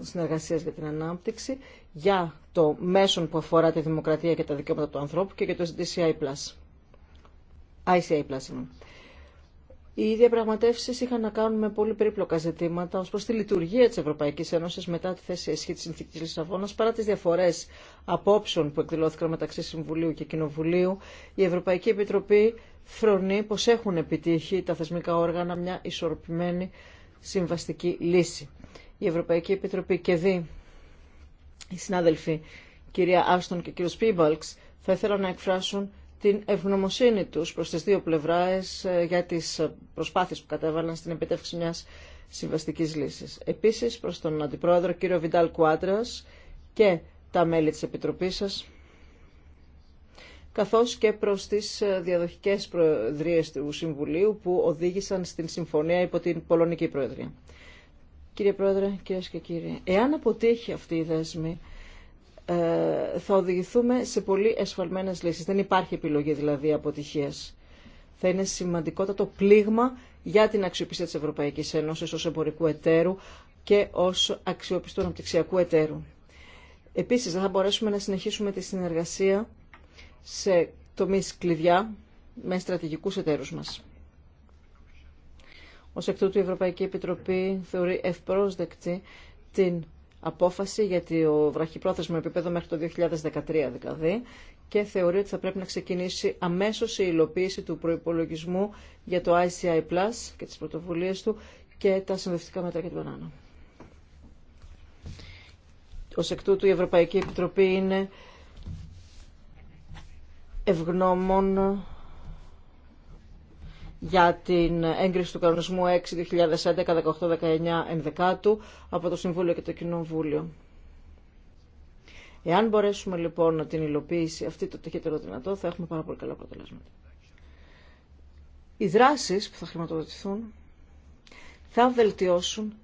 συνεργασίας για την ανάπτυξη για το μέσον που αφορά τη δημοκρατία και τα δικαιώματα του ανθρώπου και για το DCI+. ICI+. Οι διαπραγματεύσει είχαν να κάνουν με πολύ περίπλοκα ζητήματα ω προ τη λειτουργία τη Ευρωπαϊκή Ένωση μετά τη θέση ισχύ τη συνθήκη Λισαβόνα. Παρά τι διαφορέ απόψεων που εκδηλώθηκαν μεταξύ Συμβουλίου και Κοινοβουλίου, η Ευρωπαϊκή Επιτροπή φρονεί πω έχουν επιτύχει τα θεσμικά όργανα μια ισορροπημένη συμβαστική λύση η Ευρωπαϊκή Επιτροπή και δει οι συνάδελφοι κυρία Άστον και κύριο Πίμπαλξ θα ήθελα να εκφράσουν την ευγνωμοσύνη τους προς τις δύο πλευράες ε, για τις προσπάθειες που κατέβαλαν στην επιτεύξη μιας συμβαστικής λύσης. Επίσης προς τον Αντιπρόεδρο κύριο Βιντάλ Κουάντρας και τα μέλη της Επιτροπής σας καθώς και προς τις ε, διαδοχικές προεδρίες του Συμβουλίου που οδήγησαν στην συμφωνία υπό την Πολωνική Προεδρία. Κύριε Πρόεδρε, κυρίες και κύριοι, εάν αποτύχει αυτή η δέσμη, ε, θα οδηγηθούμε σε πολύ εσφαλμένες λύσεις. Δεν υπάρχει επιλογή δηλαδή αποτυχίας. Θα είναι σημαντικότατο πλήγμα για την αξιοπιστία της Ευρωπαϊκής Ένωσης ως εμπορικού εταίρου και ως αξιοπιστού αναπτυξιακού εταίρου. Επίσης, δεν θα μπορέσουμε να συνεχίσουμε τη συνεργασία σε τομείς κλειδιά με στρατηγικού εταίρους μας. Ως εκ τούτου η Ευρωπαϊκή Επιτροπή θεωρεί ευπρόσδεκτη την απόφαση για ο βραχυπρόθεσμο επίπεδο μέχρι το 2013 δηλαδή και θεωρεί ότι θα πρέπει να ξεκινήσει αμέσως η υλοποίηση του προϋπολογισμού για το ICI Plus και τις πρωτοβουλίες του και τα συνδευτικά μέτρα και την Πανάνα. Ως εκ τούτου η Ευρωπαϊκή Επιτροπή είναι ευγνώμων για την έγκριση του κανονισμού 6-2011-18-19 από το Συμβούλιο και το Κοινοβούλιο. Εάν μπορέσουμε λοιπόν να την υλοποιήσει αυτή το ταχύτερο δυνατό, θα έχουμε πάρα πολύ καλά αποτελέσματα. Οι δράσεις που θα χρηματοδοτηθούν θα βελτιώσουν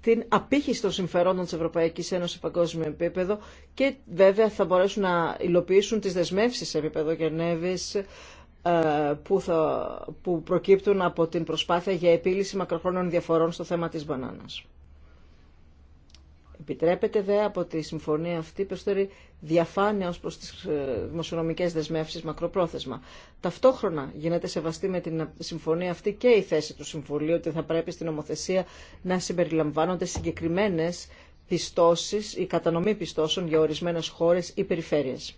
την απήχηση των συμφερόντων της Ευρωπαϊκής Ένωσης σε παγκόσμιο επίπεδο και βέβαια θα μπορέσουν να υλοποιήσουν τις δεσμεύσεις σε επίπεδο Γενέβης ε, που, που προκύπτουν από την προσπάθεια για επίλυση μακροχρόνων διαφορών στο θέμα της μπανάνας. Επιτρέπεται δε από τη συμφωνία αυτή περισσότερη διαφάνεια ως προς τις ε, δημοσιονομικές δεσμεύσεις μακροπρόθεσμα. Ταυτόχρονα γίνεται σεβαστή με τη συμφωνία αυτή και η θέση του Συμβουλίου ότι θα πρέπει στην νομοθεσία να συμπεριλαμβάνονται συγκεκριμένες πιστώσεις ή κατανομή πιστώσεων για ορισμένες χώρες ή περιφέρειες.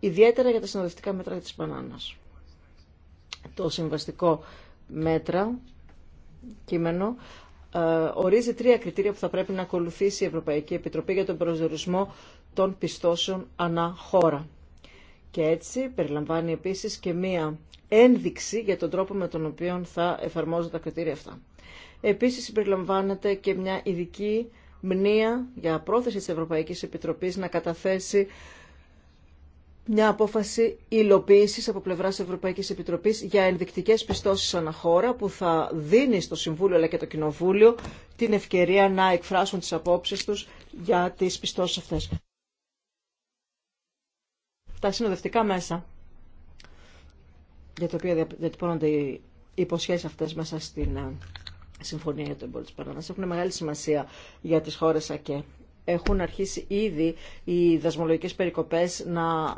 Ιδιαίτερα για τα συνοδευτικά μέτρα της Πανάνας. Το συμβαστικό μέτρα κείμενο ε, ορίζει τρία κριτήρια που θα πρέπει να ακολουθήσει η Ευρωπαϊκή Επιτροπή για τον προσδιορισμό των πιστώσεων ανά χώρα. Και έτσι περιλαμβάνει επίσης και μία ένδειξη για τον τρόπο με τον οποίο θα εφαρμόζονται τα κριτήρια αυτά. Επίσης συμπεριλαμβάνεται και μια ειδική μνήα για τον τροπο με τον οποιο θα εφαρμοζονται τα κριτηρια αυτα επισης περιλαμβάνεται και μια ειδικη μνηα για προθεση της Ευρωπαϊκής Επιτροπής να καταθέσει μια απόφαση υλοποίησης από πλευράς Ευρωπαϊκής Επιτροπής για ενδεικτικές πιστώσεις χώρα, που θα δίνει στο Συμβούλιο αλλά και το Κοινοβούλιο την ευκαιρία να εκφράσουν τις απόψεις τους για τις πιστώσεις αυτές. Τα συνοδευτικά μέσα για τα οποία διατυπώνονται οι υποσχέσεις αυτές μέσα στην ε, Συμφωνία για το Εμπόριο της έχουν μεγάλη σημασία για τις χώρες ΑΚΕ έχουν αρχίσει ήδη οι δασμολογικές περικοπές να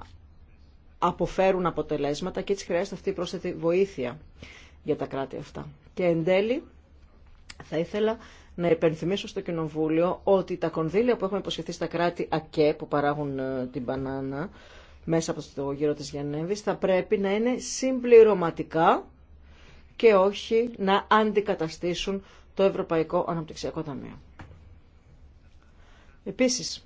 αποφέρουν αποτελέσματα και έτσι χρειάζεται αυτή η πρόσθετη βοήθεια για τα κράτη αυτά. Και εν τέλει θα ήθελα να υπενθυμίσω στο Κοινοβούλιο ότι τα κονδύλια που έχουμε υποσχεθεί στα κράτη ΑΚΕ που παράγουν ε, την μπανάνα μέσα από το γύρο της Γενέβης θα πρέπει να είναι συμπληρωματικά και όχι να αντικαταστήσουν το Ευρωπαϊκό Αναπτυξιακό Ταμείο. Επίσης,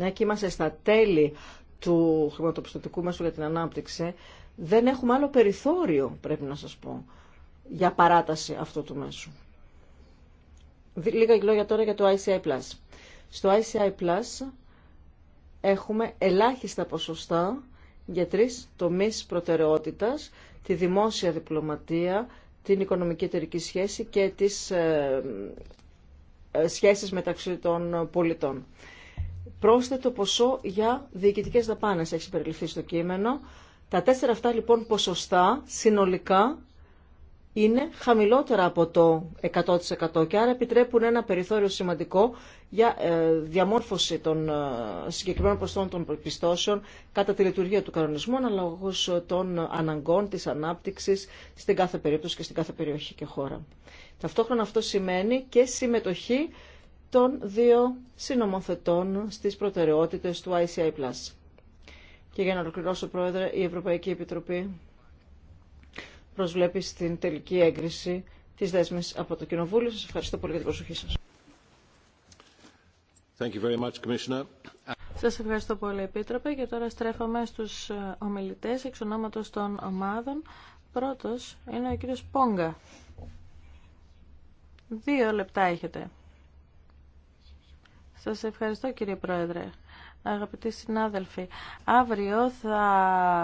μια και είμαστε στα τέλη του χρηματοπιστωτικού μέσου για την ανάπτυξη, δεν έχουμε άλλο περιθώριο, πρέπει να σας πω, για παράταση αυτού του μέσου. Λίγα λόγια τώρα για το ICI+. Στο ICI+, έχουμε ελάχιστα ποσοστά για τρεις τομείς προτεραιότητας, τη δημόσια διπλωματία, την οικονομική εταιρική σχέση και τις ε, ε, σχέσεις μεταξύ των πολιτών πρόσθετο ποσό για διοικητικές δαπάνες έχει περιληφθεί στο κείμενο. Τα τέσσερα αυτά λοιπόν ποσοστά συνολικά είναι χαμηλότερα από το 100% και άρα επιτρέπουν ένα περιθώριο σημαντικό για ε, διαμόρφωση των ε, συγκεκριμένων ποσοστών των πιστώσεων κατά τη λειτουργία του κανονισμού αναλόγως ε, των αναγκών, της ανάπτυξης στην κάθε περίπτωση και στην κάθε περιοχή και χώρα. Ταυτόχρονα αυτό σημαίνει και συμμετοχή των δύο συνομοθετών στις προτεραιότητες του ICI+. Και για να ολοκληρώσω, Πρόεδρε, η Ευρωπαϊκή Επιτροπή προσβλέπει στην τελική έγκριση της δέσμης από το Κοινοβούλιο. Σας ευχαριστώ πολύ για την προσοχή σας. Thank ευχαριστώ πολύ, Επίτροπε. Και τώρα στρέφομαι στους ομιλητές εξ ονόματος των ομάδων. Πρώτος είναι ο κύριος Πόγκα. Δύο λεπτά έχετε. Σας ευχαριστώ κύριε Πρόεδρε. Αγαπητοί συνάδελφοι, αύριο θα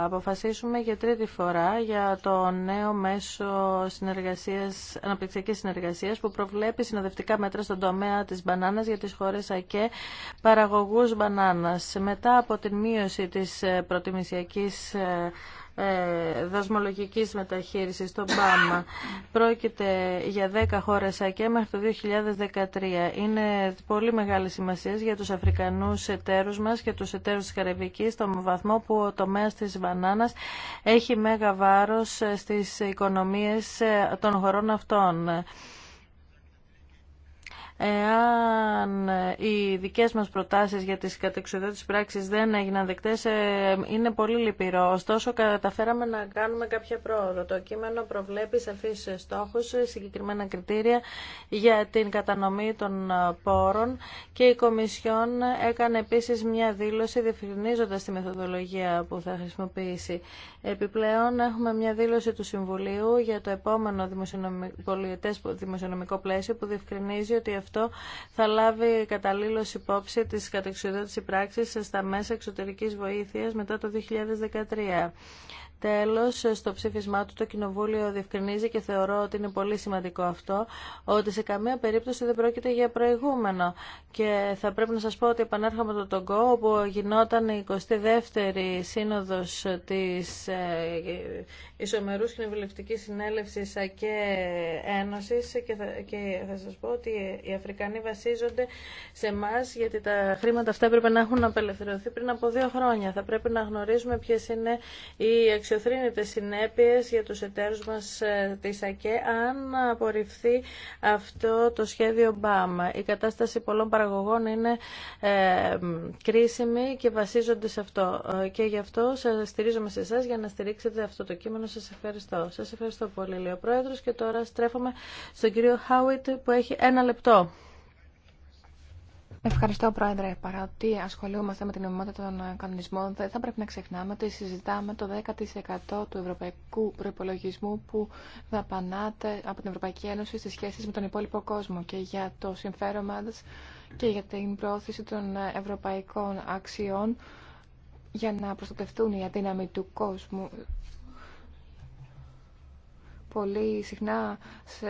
αποφασίσουμε για τρίτη φορά για το νέο μέσο συνεργασίας, αναπτυξιακής συνεργασίας που προβλέπει συνοδευτικά μέτρα στον τομέα της μπανάνας για τις χώρες ΑΚΕ παραγωγούς μπανάνας. Μετά από την μείωση της προτιμησιακής ε, ε, δασμολογικής μεταχείρισης στο ΠΑΜΑ. Πρόκειται για 10 χώρες ΑΚΕ μέχρι το 2013. Είναι πολύ μεγάλη σημασία για τους Αφρικανούς εταίρους μας και τους εταίρους της Καραϊβικής στον βαθμό που ο τομέας της μπανάνας έχει μέγα βάρος στις οικονομίες των χωρών αυτών εάν οι δικές μας προτάσεις για τις κατεξοδότητες πράξεις δεν έγιναν δεκτές, ε, είναι πολύ λυπηρό. Ωστόσο, καταφέραμε να κάνουμε κάποια πρόοδο. Το κείμενο προβλέπει σαφείς στόχους, συγκεκριμένα κριτήρια για την κατανομή των πόρων και η Κομισιόν έκανε επίσης μια δήλωση διευκρινίζοντας τη μεθοδολογία που θα χρησιμοποιήσει. Επιπλέον, έχουμε μια δήλωση του Συμβουλίου για το επόμενο δημοσιονομικό, δημοσιονομικό πλαίσιο που διευκρινίζει ότι αυτό θα λάβει καταλήλως υπόψη της κατεξοδότηση πράξης στα μέσα εξωτερικής βοήθειας μετά το 2013. Τέλο, στο ψήφισμά του το Κοινοβούλιο διευκρινίζει και θεωρώ ότι είναι πολύ σημαντικό αυτό, ότι σε καμία περίπτωση δεν πρόκειται για προηγούμενο. Και θα πρέπει να σα πω ότι επανέρχομαι το ΤΟΚΟ όπου γινόταν η 22η σύνοδος της ε, Ισομερούς Κοινοβουλευτική Συνέλευση και Ένωσης και θα, και θα σας πω ότι οι Αφρικανοί βασίζονται σε εμά γιατί τα χρήματα αυτά έπρεπε να έχουν απελευθερωθεί πριν από δύο χρόνια. Θα πρέπει να γνωρίζουμε ποιε είναι οι εξωθρύνεται συνέπειες για τους εταίρους μας ε, της ΑΚΕ αν απορριφθεί αυτό το σχέδιο ΜΠΑΜ. Η κατάσταση πολλών παραγωγών είναι ε, κρίσιμη και βασίζονται σε αυτό. Ε, και γι' αυτό σας στηρίζομαι σε εσά για να στηρίξετε αυτό το κείμενο. Σας ευχαριστώ. Σας ευχαριστώ πολύ, λέει Πρόεδρος. Και τώρα στρέφομαι στον κύριο Χάουιτ που έχει ένα λεπτό. Ευχαριστώ, Πρόεδρε. ότι ασχολούμαστε με την νομιμότητα των ε, κανονισμών, δεν θα πρέπει να ξεχνάμε ότι συζητάμε το 10% του ευρωπαϊκού προπολογισμού που δαπανάται από την Ευρωπαϊκή Ένωση στι σχέσει με τον υπόλοιπο κόσμο και για το συμφέρον μα και για την προώθηση των ε, ευρωπαϊκών αξιών για να προστατευτούν οι αδύναμοι του κόσμου πολύ συχνά, σε,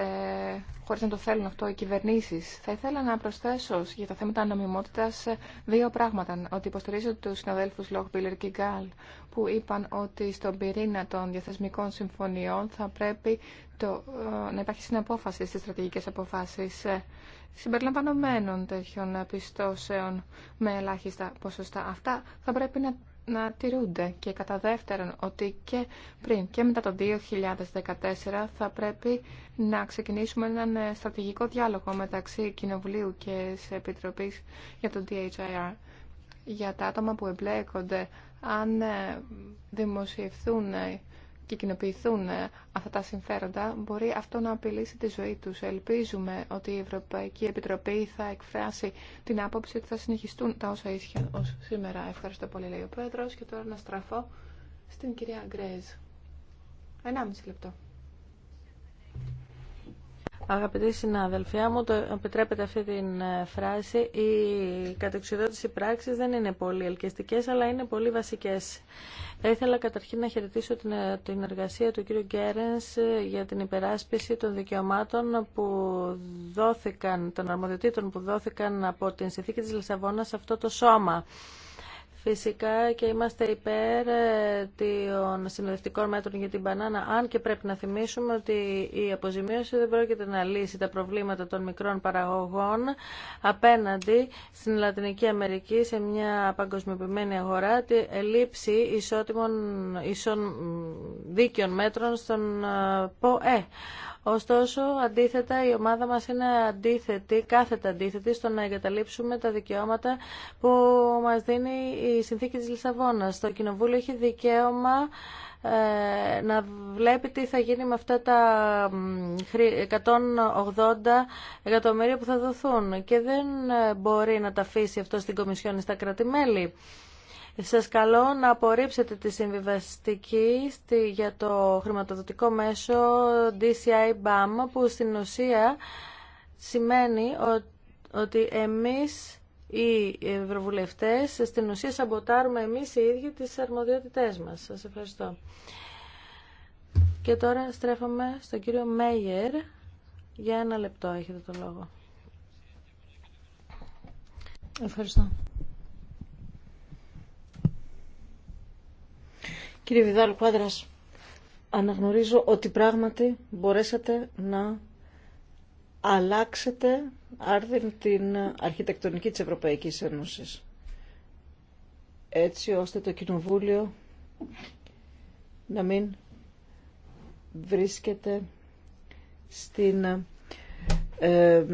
χωρίς να το θέλουν αυτό, οι κυβερνήσεις. Θα ήθελα να προσθέσω για τα θέματα νομιμότητας δύο πράγματα. Ότι υποστηρίζω τους συναδέλφου Λόχ και Γκάλ, που είπαν ότι στον πυρήνα των διαθεσμικών συμφωνιών θα πρέπει το, ε, να υπάρχει συναπόφαση στις στρατηγικές αποφάσεις ε, συμπεριλαμβανομένων τέτοιων πιστώσεων με ελάχιστα ποσοστά. Αυτά θα πρέπει να να τηρούνται και κατά δεύτερον ότι και πριν και μετά το 2014 θα πρέπει να ξεκινήσουμε έναν ε, στρατηγικό διάλογο μεταξύ Κοινοβουλίου και σε Επιτροπής για το DHIR για τα άτομα που εμπλέκονται αν ε, δημοσιευθούν ε, και κοινοποιηθούν ε, αυτά τα συμφέροντα, μπορεί αυτό να απειλήσει τη ζωή τους. Ελπίζουμε ότι η Ευρωπαϊκή Επιτροπή θα εκφράσει την άποψη ότι θα συνεχιστούν τα όσα ίσχυαν ως σήμερα. Ευχαριστώ πολύ, λέει ο Πρόεδρος. Και τώρα να στραφώ στην κυρία Γκρέζ. Ενάμιση λεπτό. Αγαπητοί συνάδελφοι, μου το επιτρέπετε αυτή την ε, φράση, οι κατεξιδότητε πράξεις δεν είναι πολύ ελκυστικέ, αλλά είναι πολύ βασικέ. Θα ήθελα καταρχήν να χαιρετήσω την, ε, την εργασία του κ. Γκέρενς ε, για την υπεράσπιση των δικαιωμάτων που δόθηκαν, των αρμοδιοτήτων που δόθηκαν από την συνθήκη της Λισαβόνα σε αυτό το σώμα. Φυσικά και είμαστε υπέρ ε, των συνοδευτικών μέτρων για την μπανάνα, αν και πρέπει να θυμίσουμε ότι η αποζημίωση δεν πρόκειται να λύσει τα προβλήματα των μικρών παραγωγών απέναντι στην Λατινική Αμερική σε μια παγκοσμιοποιημένη αγορά, τη λήψη ισότιμων, ισών δίκαιων μέτρων στον ε, ΠΟΕ. Ωστόσο, αντίθετα, η ομάδα μας είναι αντίθετη, κάθετα αντίθετη, στο να εγκαταλείψουμε τα δικαιώματα που μας δίνει η συνθήκη της Λισαβόνας. Το Κοινοβούλιο έχει δικαίωμα ε, να βλέπει τι θα γίνει με αυτά τα 180 εκατομμύρια που θα δοθούν και δεν ε, μπορεί να τα αφήσει αυτό στην Κομισιόν στα κρατημέλη. Σας καλώ να απορρίψετε τη συμβιβαστική στη, για το χρηματοδοτικό μέσο DCI BAM που στην ουσία σημαίνει ότι εμείς οι ευρωβουλευτές στην ουσία σαμποτάρουμε εμείς οι ίδιοι τις αρμοδιότητές μας. Σας ευχαριστώ. Και τώρα στρέφομαι στον κύριο Μέγερ. Για ένα λεπτό έχετε το λόγο. Ευχαριστώ. Κύριε Βιδάλ Κουάδρας, αναγνωρίζω ότι πράγματι μπορέσατε να αλλάξετε άρδιν την αρχιτεκτονική της Ευρωπαϊκής Ένωσης. Έτσι ώστε το Κοινοβούλιο να μην βρίσκεται στην, ε,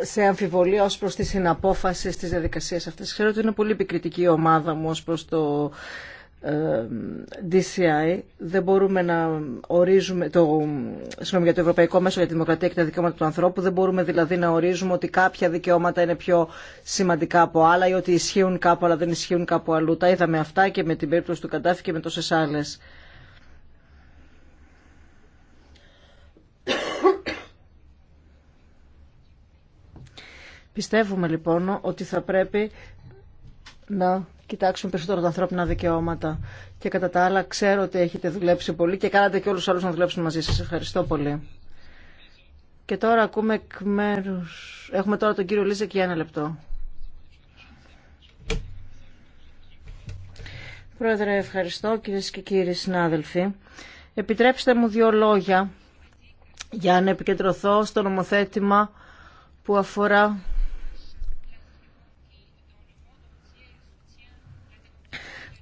σε αμφιβολία ως προς τη συναπόφαση στις διαδικασίες αυτές. Ξέρω ότι είναι πολύ επικριτική η ομάδα μου ως προς το ε, DCI δεν μπορούμε να ορίζουμε το, για το Ευρωπαϊκό Μέσο για τη Δημοκρατία και τα Δικαιώματα του Ανθρώπου δεν μπορούμε δηλαδή να ορίζουμε ότι κάποια δικαιώματα είναι πιο σημαντικά από άλλα ή ότι ισχύουν κάπου αλλά δεν ισχύουν κάπου αλλού τα είδαμε αυτά και με την περίπτωση του Καντάφη και με τόσες άλλες Πιστεύουμε λοιπόν ότι θα πρέπει να κοιτάξουμε περισσότερο τα ανθρώπινα δικαιώματα. Και κατά τα άλλα ξέρω ότι έχετε δουλέψει πολύ και κάνατε και όλους τους άλλους να δουλέψουν μαζί σας. Ευχαριστώ πολύ. Και τώρα ακούμε εκ μέρους... Έχουμε τώρα τον κύριο Λίζεκ για ένα λεπτό. Πρόεδρε, ευχαριστώ κυρίε και κύριοι συνάδελφοι. Επιτρέψτε μου δύο λόγια για να επικεντρωθώ στο νομοθέτημα που αφορά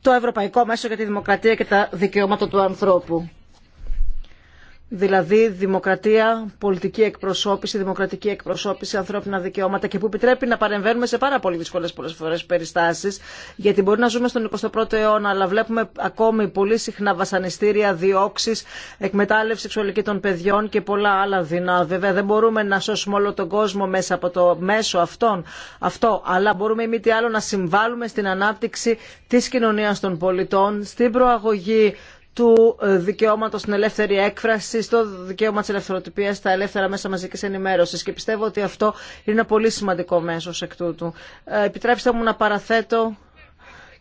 το Ευρωπαϊκό Μέσο για τη Δημοκρατία και τα Δικαιώματα του Ανθρώπου δηλαδή δημοκρατία, πολιτική εκπροσώπηση, δημοκρατική εκπροσώπηση, ανθρώπινα δικαιώματα και που επιτρέπει να παρεμβαίνουμε σε πάρα πολύ δύσκολε πολλέ φορέ περιστάσει. Γιατί μπορεί να ζούμε στον 21ο αιώνα, αλλά βλέπουμε ακόμη πολύ συχνά βασανιστήρια, διώξει, εκμετάλλευση σεξουαλική των παιδιών και πολλά άλλα δεινά. Βέβαια, δεν μπορούμε να σώσουμε όλο τον κόσμο μέσα από το μέσο αυτόν, αυτό, αλλά μπορούμε ή μη τι άλλο να συμβάλλουμε στην ανάπτυξη τη κοινωνία των πολιτών, στην προαγωγή του ε, δικαιώματο στην ελεύθερη έκφραση, στο δικαίωμα τη ελευθερωτυπία, στα ελεύθερα μέσα μαζική ενημέρωση. Και πιστεύω ότι αυτό είναι ένα πολύ σημαντικό μέσο εκ τούτου. Ε, επιτρέψτε μου να παραθέτω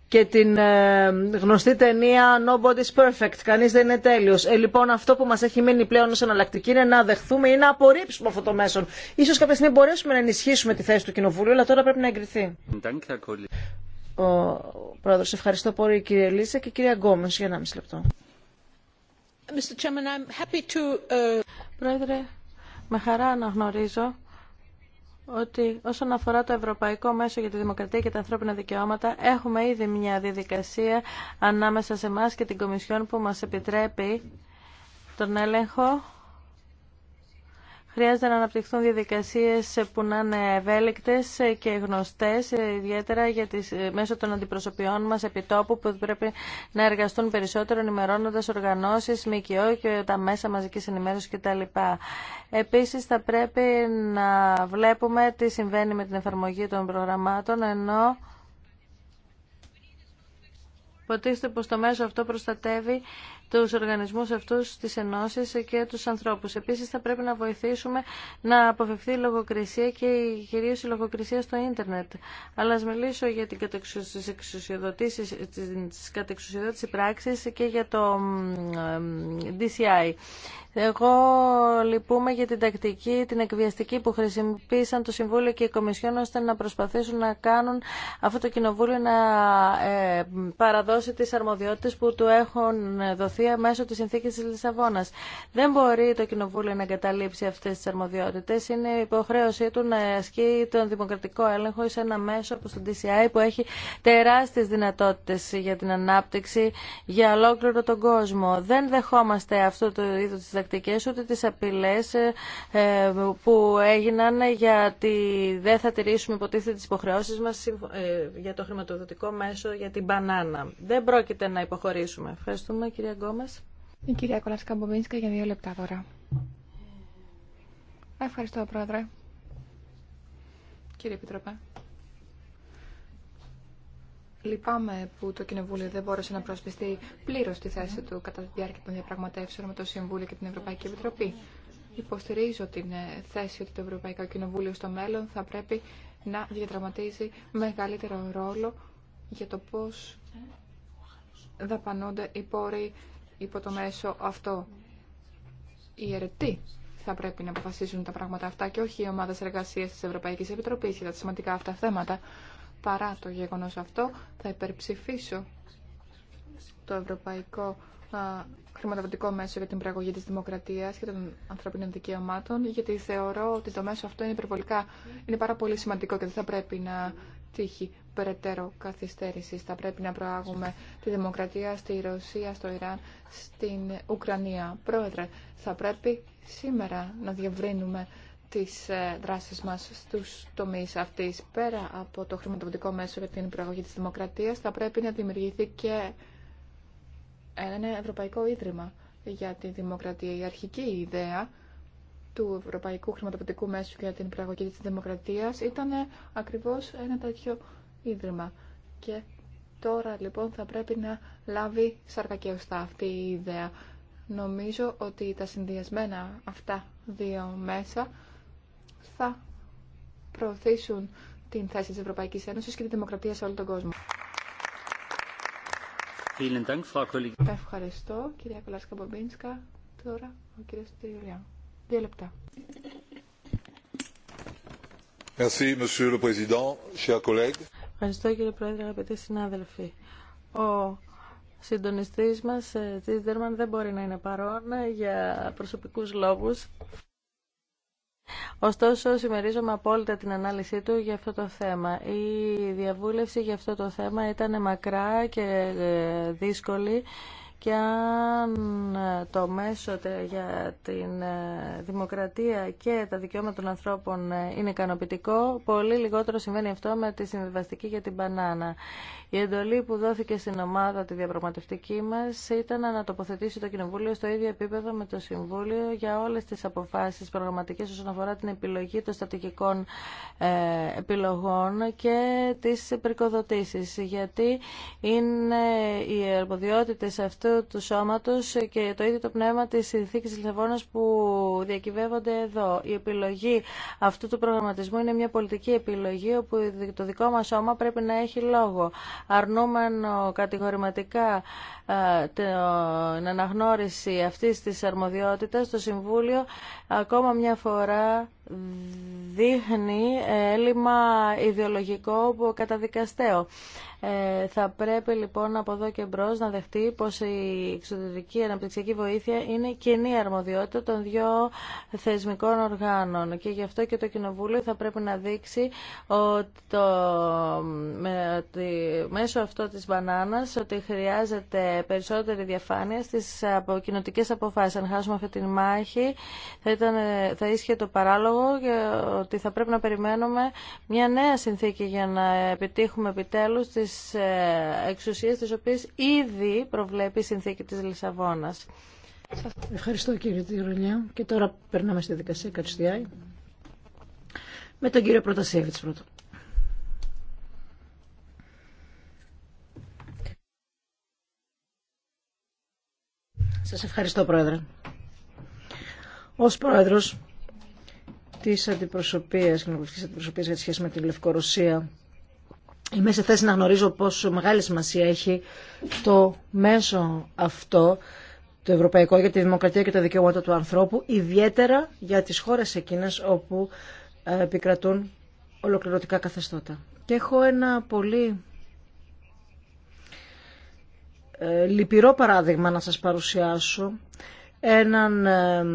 και την ε, γνωστή ταινία Nobody's Perfect. Κανεί δεν είναι τέλειο. Ε, λοιπόν, αυτό που μα έχει μείνει πλέον ω εναλλακτική είναι να δεχθούμε ή να απορρίψουμε αυτό το μέσο. σω κάποια στιγμή μπορέσουμε να ενισχύσουμε τη θέση του Κοινοβουλίου, αλλά τώρα πρέπει να εγκριθεί. Ο πρόεδρο, ευχαριστώ πολύ κύριε Λίσσα και κυρία Γκόμε για ένα μισή λεπτό. Uh, Πρόεδρε, με χαρά αναγνωρίζω ότι όσον αφορά το Ευρωπαϊκό Μέσο για τη Δημοκρατία και τα Ανθρώπινα Δικαιώματα, έχουμε ήδη μια διαδικασία ανάμεσα σε εμά και την Κομισιόν που μας επιτρέπει τον έλεγχο Χρειάζεται να αναπτυχθούν διαδικασίες που να είναι ευέλικτες και γνωστές, ιδιαίτερα για τις, μέσω των αντιπροσωπιών μας επιτόπου που πρέπει να εργαστούν περισσότερο ενημερώνοντας οργανώσεις, ΜΚΟ και τα μέσα μαζικής ενημέρωσης κτλ. Επίσης θα πρέπει να βλέπουμε τι συμβαίνει με την εφαρμογή των προγραμμάτων, ενώ υποτίθεται πως το μέσο αυτό προστατεύει του οργανισμού αυτού τις ενώσει και του ανθρώπου. Επίση, θα πρέπει να βοηθήσουμε να αποφευθεί η λογοκρισία και κυρίω η λογοκρισία στο ίντερνετ. Αλλά α μιλήσω για την κατεξουσιοδότηση, πράξη κατεξουσιοδότηση πράξης και για το DCI. Εγώ λυπούμαι για την τακτική, την εκβιαστική που χρησιμοποίησαν το Συμβούλιο και η Κομισιόν ώστε να προσπαθήσουν να κάνουν αυτό το Κοινοβούλιο να ε, παραδώσει τις αρμοδιότητες που του έχουν δοθεί μέσω της συνθήκη της Λισαβόνας. Δεν μπορεί το Κοινοβούλιο να εγκαταλείψει αυτές τις αρμοδιότητες. Είναι υποχρέωσή του να ασκεί τον δημοκρατικό έλεγχο σε ένα μέσο όπως το DCI που έχει τεράστιες δυνατότητες για την ανάπτυξη για ολόκληρο τον κόσμο. Δεν δεχόμαστε αυτό το είδο τις τακτικές ούτε τις απειλές ε, ε, που έγιναν γιατί δεν θα τηρήσουμε υποτίθεται τις υποχρεώσεις μας ε, για το χρηματοδοτικό μέσο για την μπανάνα. Δεν πρόκειται να υποχωρήσουμε. Ευχαριστούμε κυρία Γκό μα. Η κυρία Κολάσκα Μπομπίνσκα για δύο λεπτά τώρα. Ευχαριστώ, Πρόεδρε. Κύριε Επιτροπέ. Λυπάμαι που το Κοινοβούλιο δεν μπόρεσε να προσπιστεί πλήρω τη θέση του κατά τη διάρκεια των διαπραγματεύσεων με το Συμβούλιο και την Ευρωπαϊκή Επιτροπή. Υποστηρίζω την ε, θέση ότι το Ευρωπαϊκό Κοινοβούλιο στο μέλλον θα πρέπει να διαδραματίζει μεγαλύτερο ρόλο για το πώς δαπανώνται οι πόροι υπό το μέσο αυτό οι αιρετοί θα πρέπει να αποφασίσουν τα πράγματα αυτά και όχι οι ομάδε εργασία τη Ευρωπαϊκή Επιτροπή για τα σημαντικά αυτά θέματα. Παρά το γεγονό αυτό, θα υπερψηφίσω το Ευρωπαϊκό Χρηματοδοτικό Μέσο για την Πραγωγή τη Δημοκρατία και των Ανθρωπίνων Δικαιωμάτων, γιατί θεωρώ ότι το μέσο αυτό είναι είναι πάρα πολύ σημαντικό και δεν θα πρέπει να τύχη περαιτέρω καθυστέρηση. Θα πρέπει να προάγουμε τη δημοκρατία στη Ρωσία, στο Ιράν, στην Ουκρανία. Πρόεδρε, θα πρέπει σήμερα να διευρύνουμε τις ε, δράσεις μας στους τομείς αυτής. Πέρα από το χρηματοδοτικό μέσο για την προαγωγή της δημοκρατίας, θα πρέπει να δημιουργηθεί και ένα ευρωπαϊκό ίδρυμα για τη δημοκρατία. Η αρχική ιδέα του Ευρωπαϊκού Χρηματοποιητικού Μέσου για την Πραγωγή της Δημοκρατίας ήταν ακριβώς ένα τέτοιο ίδρυμα. Και τώρα λοιπόν θα πρέπει να λάβει σάρκα και αυτή η ιδέα. Νομίζω ότι τα συνδυασμένα αυτά δύο μέσα θα προωθήσουν την θέση της Ευρωπαϊκής Ένωσης και τη δημοκρατία σε όλο τον κόσμο. Ευχαριστώ, κυρία Κολάσκα Μπομπίνσκα. Τώρα ο κύριος Ευχαριστώ κύριε Πρόεδρε, αγαπητοί συνάδελφοι. Ο συντονιστής μας, ε, Τζίτερμαν, δεν μπορεί να είναι παρόν ε, για προσωπικούς λόγους. Ωστόσο, συμμερίζομαι απόλυτα την ανάλυση του για αυτό το θέμα. Η διαβούλευση για αυτό το θέμα ήταν μακρά και ε, δύσκολη και αν ε, το μέσο για την ε, δημοκρατία και τα δικαιώματα των ανθρώπων ε, είναι ικανοποιητικό, πολύ λιγότερο συμβαίνει αυτό με τη συμβιβαστική για την μπανάνα. Η εντολή που δόθηκε στην ομάδα τη διαπραγματευτική μας ήταν να τοποθετήσει το Κοινοβούλιο στο ίδιο επίπεδο με το Συμβούλιο για όλες τις αποφάσεις προγραμματικές όσον αφορά την επιλογή των στατικικών επιλογών και τις πρικοδοτήσεις. Γιατί είναι οι αρμοδιότητες αυτού ίδιο του σώματος και το ίδιο το πνεύμα της συνθήκης Λιθαβόνας που διακυβεύονται εδώ. Η επιλογή αυτού του προγραμματισμού είναι μια πολιτική επιλογή όπου το δικό μας σώμα πρέπει να έχει λόγο. Αρνούμενο κατηγορηματικά την αναγνώριση αυτής της αρμοδιότητας, το Συμβούλιο ακόμα μια φορά δείχνει έλλειμμα ιδεολογικό που καταδικαστέο. Ε, θα πρέπει λοιπόν από εδώ και μπρος να δεχτεί πως η εξωτερική αναπτυξιακή βοήθεια είναι κοινή αρμοδιότητα των δύο θεσμικών οργάνων και γι' αυτό και το Κοινοβούλιο θα πρέπει να δείξει ότι, μέσω αυτό της μπανάνας ότι χρειάζεται περισσότερη διαφάνεια στις κοινοτικές αποφάσεις. Αν χάσουμε αυτή τη μάχη θα, ε, θα ίσχυε το παράλογο ότι θα πρέπει να περιμένουμε μια νέα συνθήκη για να επιτύχουμε επιτέλους τις ε, εξουσίες τις οποίες ήδη προβλέπει η συνθήκη της Λισαβόνας. Ευχαριστώ κύριε Τυρολιά. Και τώρα περνάμε στη δικασία Κατσουδιάη με τον κύριο Προτασίεβιτς πρώτο. Σας ευχαριστώ πρόεδρε. Ως πρόεδρος της αντιπροσωπίας κοινοβουλευτική για τη σχέση με τη Λευκορωσία. Είμαι σε θέση να γνωρίζω πόσο μεγάλη σημασία έχει το μέσο αυτό, το ευρωπαϊκό για τη δημοκρατία και τα δικαιώματα του ανθρώπου, ιδιαίτερα για τις χώρες εκείνες όπου ε, επικρατούν ολοκληρωτικά καθεστώτα. Και έχω ένα πολύ ε, λυπηρό παράδειγμα να σας παρουσιάσω. Έναν ε,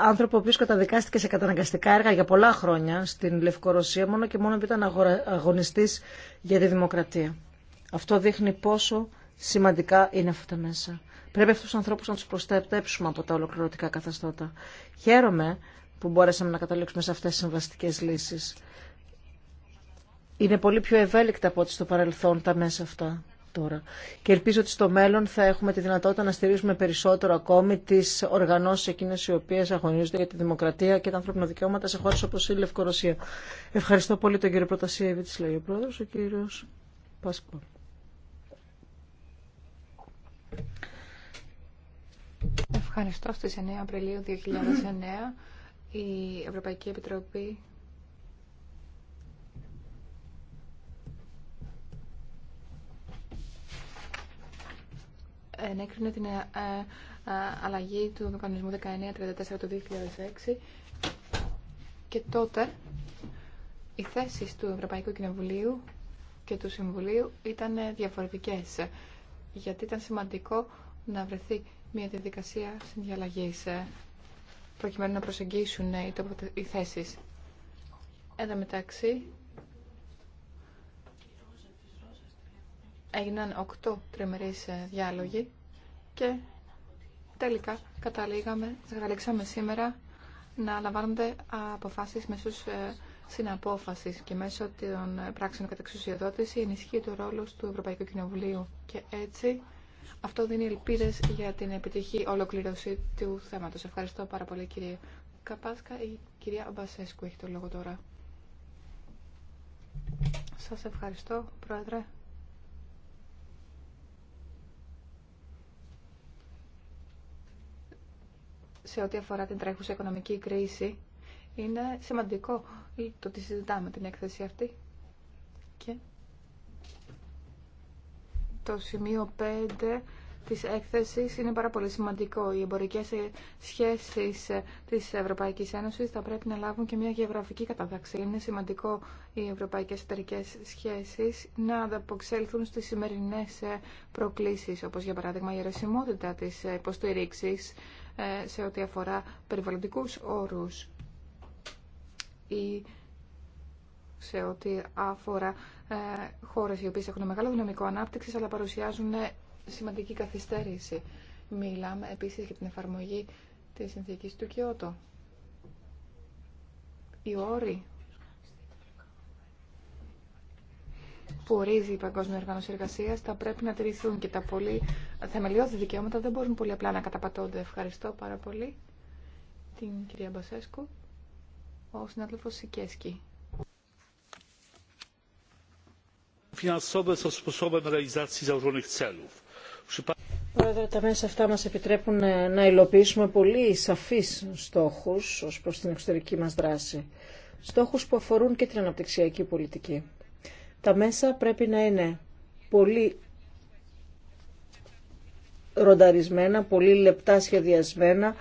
άνθρωπο ο οποίο καταδικάστηκε σε καταναγκαστικά έργα για πολλά χρόνια στην Λευκορωσία μόνο και μόνο επειδή ήταν αγωνιστής για τη δημοκρατία. Αυτό δείχνει πόσο σημαντικά είναι αυτά τα μέσα. Πρέπει αυτού του ανθρώπους να τους προστατέψουμε από τα ολοκληρωτικά καθεστώτα. Χαίρομαι που μπόρεσαμε να καταλήξουμε σε αυτέ τι συμβαστικέ λύσει. Είναι πολύ πιο ευέλικτα από ό,τι στο παρελθόν τα μέσα αυτά τώρα. Και ελπίζω ότι στο μέλλον θα έχουμε τη δυνατότητα να στηρίζουμε περισσότερο ακόμη τι οργανώσει εκείνε οι οποίε αγωνίζονται για τη δημοκρατία και τα ανθρώπινα δικαιώματα σε χώρε όπω η Λευκορωσία. Ευχαριστώ πολύ τον κύριο Προτασίευη, τη λέει ο πρόεδρο, ο κύριο Πάσκο. Ευχαριστώ. Στις 9 Απριλίου 2009 η Ευρωπαϊκή Επιτροπή ενέκρινε την ε, ε, αλλαγή του μηχανισμού 1934 του 2006 και τότε οι θέσεις του Ευρωπαϊκού Κοινοβουλίου και του Συμβουλίου ήταν διαφορετικές γιατί ήταν σημαντικό να βρεθεί μια διαδικασία συνδιαλλαγής ε, προκειμένου να προσεγγίσουν οι θέσεις. Εν τω μεταξύ, έγιναν οκτώ τριμερείς ε, διάλογοι και τελικά καταλήγαμε, καταλήξαμε σήμερα να λαμβάνονται αποφάσεις μέσω ε, συναπόφαση και μέσω των ε, πράξεων κατά εξουσιοδότηση ενισχύει το ρόλο του Ευρωπαϊκού Κοινοβουλίου και έτσι αυτό δίνει ελπίδε για την επιτυχή ολοκλήρωση του θέματος. Ευχαριστώ πάρα πολύ κύριε Καπάσκα. Η κυρία Μπασέσκου έχει το λόγο τώρα. Σας ευχαριστώ, Πρόεδρε. σε ό,τι αφορά την τρέχουσα οικονομική κρίση. Είναι σημαντικό το ότι συζητάμε την έκθεση αυτή. Και το σημείο 5 της έκθεσης είναι πάρα πολύ σημαντικό. Οι εμπορικές σχέσεις της Ευρωπαϊκής Ένωσης θα πρέπει να λάβουν και μια γεωγραφική καταδάξη. Είναι σημαντικό οι ευρωπαϊκές Εταιρικέ σχέσεις να ανταποξέλθουν στις σημερινές προκλήσεις, όπως για παράδειγμα η αιρεσιμότητα της υποστηρίξης ε, σε ό,τι αφορά περιβαλλοντικούς όρους ή σε ό,τι αφορά ε, χώρες οι οποίες έχουν μεγάλο δυναμικό ανάπτυξης αλλά παρουσιάζουν σημαντική καθυστέρηση. Μιλάμε επίσης για την εφαρμογή της συνθήκης του Κιώτο. Οι όροι που ορίζει η Παγκόσμια Οργάνωση Εργασία θα πρέπει να τηρηθούν και τα πολύ θεμελιώδη δικαιώματα δεν μπορούν πολύ απλά να καταπατώνται. Ευχαριστώ πάρα πολύ την κυρία Μπασέσκου. Ο συνάδελφο Σικέσκη. Πρόεδρε, τα μέσα αυτά μας επιτρέπουν ε, να υλοποιήσουμε πολύ σαφείς στόχους ως προς την εξωτερική μας δράση. Στόχους που αφορούν και την αναπτυξιακή πολιτική. Τα μέσα πρέπει να είναι πολύ ρονταρισμένα, πολύ λεπτά σχεδιασμένα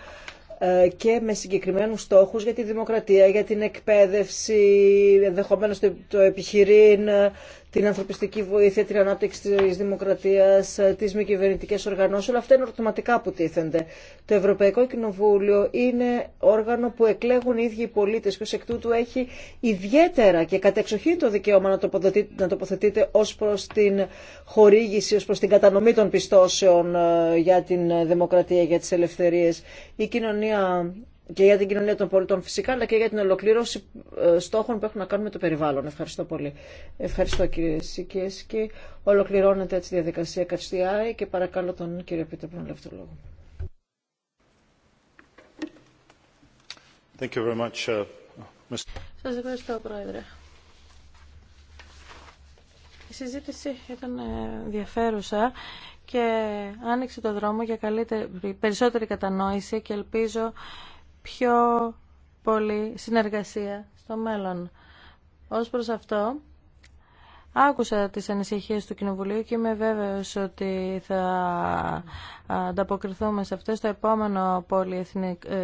ε, και με συγκεκριμένους στόχους για τη δημοκρατία, για την εκπαίδευση, ενδεχομένω το επιχειρήν, την ανθρωπιστική βοήθεια, την ανάπτυξη τη Δημοκρατία, τις μη κυβερνητικές οργανώσεις, όλα αυτά είναι ερωτηματικά που τίθενται. Το Ευρωπαϊκό Κοινοβούλιο είναι όργανο που εκλέγουν οι ίδιοι οι πολίτε και ω εκ τούτου έχει ιδιαίτερα και κατεξοχήν το δικαίωμα να τοποθετείται, να τοποθετείται ως προς την χορήγηση, ω προ την κατανομή των πιστώσεων ε, για την ε, δημοκρατία, για τι ελευθερίε. Η κοινωνία και για την κοινωνία των πολιτών φυσικά, αλλά και για την ολοκλήρωση ε, στόχων που έχουν να κάνουν με το περιβάλλον. Ευχαριστώ πολύ. Ευχαριστώ κύριε Σικέσκη. Ολοκληρώνεται έτσι η διαδικασία Καρστιάη και παρακαλώ τον κύριο Πίτερ να είναι λόγο. Thank you very much, uh, Σας ευχαριστώ, Πρόεδρε. Η συζήτηση ήταν ε, ενδιαφέρουσα και άνοιξε το δρόμο για περισσότερη κατανόηση και ελπίζω πιο πολύ συνεργασία στο μέλλον. Ως προς αυτό, άκουσα τις ανησυχίες του Κοινοβουλίου και είμαι βέβαιος ότι θα ανταποκριθούμε σε αυτές στο επόμενο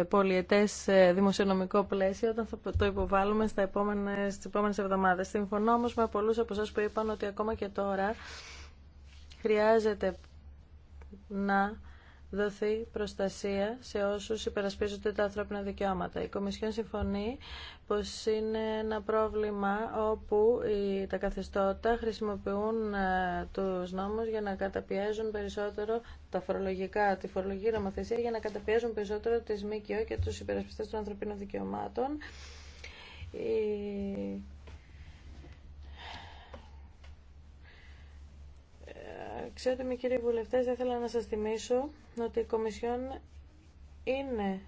πολυετές ε, ε, δημοσιονομικό πλαίσιο όταν θα το υποβάλουμε στα επόμενες, στις επόμενες εβδομάδες. Συμφωνώ όμως με πολλούς από εσάς που είπαν ότι ακόμα και τώρα χρειάζεται να δοθεί προστασία σε όσους υπερασπίζονται τα ανθρώπινα δικαιώματα. Η Κομισιόν συμφωνεί πως είναι ένα πρόβλημα όπου τα καθεστώτα χρησιμοποιούν ε, τους νόμους για να καταπιέζουν περισσότερο τα φορολογικά, τη φορολογική νομοθεσία για να καταπιέζουν περισσότερο τις ΜΚΟ και τους υπερασπιστές των ανθρωπίνων δικαιωμάτων. Ξέρετε, κύριοι βουλευτές, θα ήθελα να σας θυμίσω ότι η Κομισιόν είναι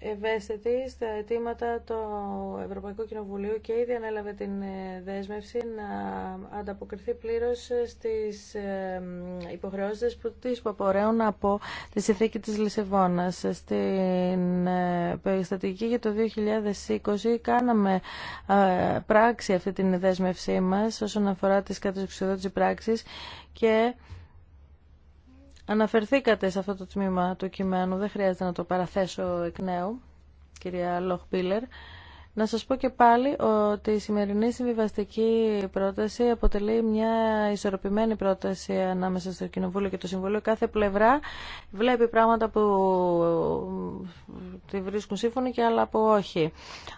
ευαίσθητη στα αιτήματα του Ευρωπαϊκού Κοινοβουλίου και ήδη ανέλαβε την ε, δέσμευση να ανταποκριθεί πλήρως ε, στις ε, υποχρεώσεις που απορρέουν από τη συνθήκη της Λισεβόνας. Στην περιστατική για το 2020 κάναμε πράξη αυτή την δέσμευσή μας όσον αφορά τις τη πράξεις και Αναφερθήκατε σε αυτό το τμήμα του κειμένου, δεν χρειάζεται να το παραθέσω εκ νέου, κυρία Μπίλερ. Να σας πω και πάλι ότι η σημερινή συμβιβαστική πρόταση αποτελεί μια ισορροπημένη πρόταση ανάμεσα στο Κοινοβούλιο και το Συμβούλιο. Κάθε πλευρά βλέπει πράγματα που ε, τη βρίσκουν σύμφωνοι και άλλα που όχι.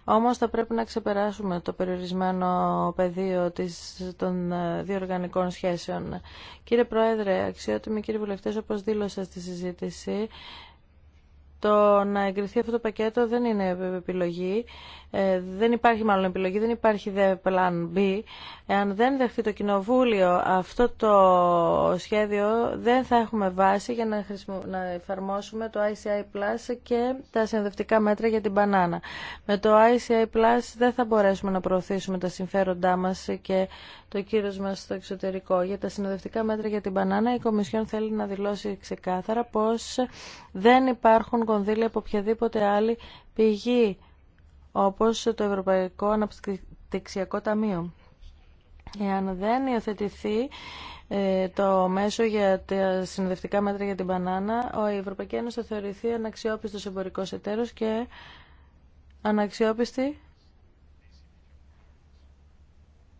Όμως θα πρέπει να ξεπεράσουμε το περιορισμένο πεδίο των ε, διοργανικών σχέσεων. Κύριε Πρόεδρε, αξιότιμοι κύριοι βουλευτές, όπως δήλωσα στη συζήτηση, το να εγκριθεί αυτό το πακέτο δεν είναι επιλογή. Ε, δεν υπάρχει μάλλον επιλογή, δεν υπάρχει δε plan B. Εάν δεν δεχτεί το Κοινοβούλιο αυτό το σχέδιο, δεν θα έχουμε βάση για να, να εφαρμόσουμε το ICI Plus και τα συνδευτικά μέτρα για την μπανάνα. Με το ICI Plus δεν θα μπορέσουμε να προωθήσουμε τα συμφέροντά μας και το κύριο μας στο εξωτερικό. Για τα συνδευτικά μέτρα για την μπανάνα, η Κομισιόν θέλει να δηλώσει ξεκάθαρα πως δεν υπάρχουν κονδύλια από οποιαδήποτε άλλη πηγή, όπως το Ευρωπαϊκό Αναπτυξιακό Ταμείο. Εάν δεν υιοθετηθεί ε, το μέσο για τα συνδευτικά μέτρα για την μπανάνα, ο Ευρωπαϊκή Ένωση θα θεωρηθεί αναξιόπιστος εμπορικός εταίρος και αναξιόπιστη